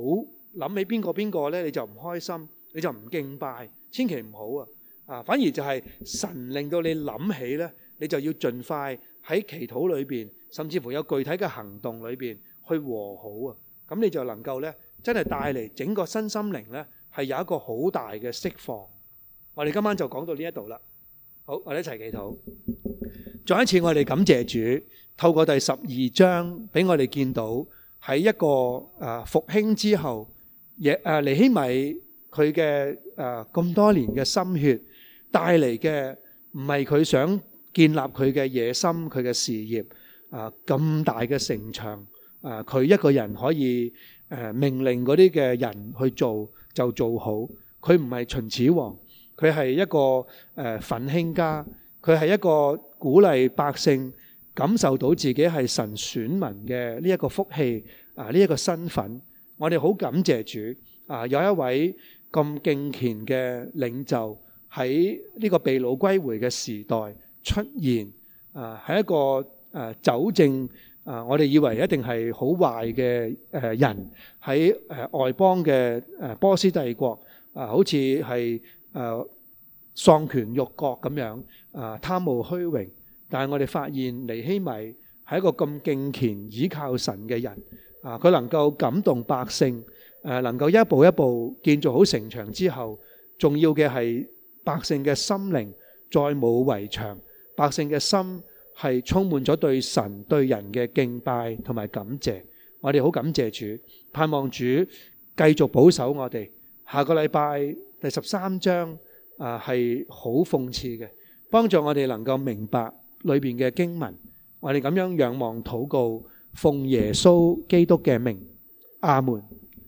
諗起邊個邊個呢，你就唔開心，你就唔敬拜，千祈唔好。反而就係神令到你諗起呢，你就要盡快，喺祈禱裏面，甚至乎有具體嘅行動裏面，去和好。咁你就能夠呢，真係帶嚟整個身心靈呢，係有一個好大嘅釋放。我哋今晚就講到呢一度啦。Uh，好，我哋一齊祈禱。再一次，我哋感謝主，透過第十二章，俾我哋見到喺一個啊復興之後，野啊尼希米佢嘅啊咁多年嘅心血帶嚟嘅，唔係佢想建立佢嘅野心，佢嘅事業啊，咁大嘅城牆啊，佢一個人可以誒命令嗰啲嘅人去做就做好，佢唔係秦始皇。佢係一個誒奮興家，佢係一個鼓勵百姓感受到自己係神選民嘅呢一個福氣啊！呢、這、一個身份，我哋好感謝主啊！有一位咁敬虔嘅領袖喺呢個被擄歸回嘅時代出現啊，係一個誒糾、啊、正啊！我哋以為一定係好壞嘅誒人喺誒、啊、外邦嘅誒、啊、波斯帝國啊，好似係。誒，喪權辱國咁樣，誒，貪慕虛榮。但係我哋發現尼希米係一個咁敬虔、倚靠神嘅人。啊，佢能夠感動百姓，誒，能夠一步一步建造好城牆之後，重要嘅係百姓嘅心靈再冇圍牆，百姓嘅心係充滿咗對神、對人嘅敬拜同埋感謝。我哋好感謝主，盼望主繼續保守我哋。下個禮拜。第十三章啊，係好諷刺嘅，幫助我哋能夠明白裏面嘅經文，我哋噉樣仰望禱告，奉耶穌基督嘅名，阿門。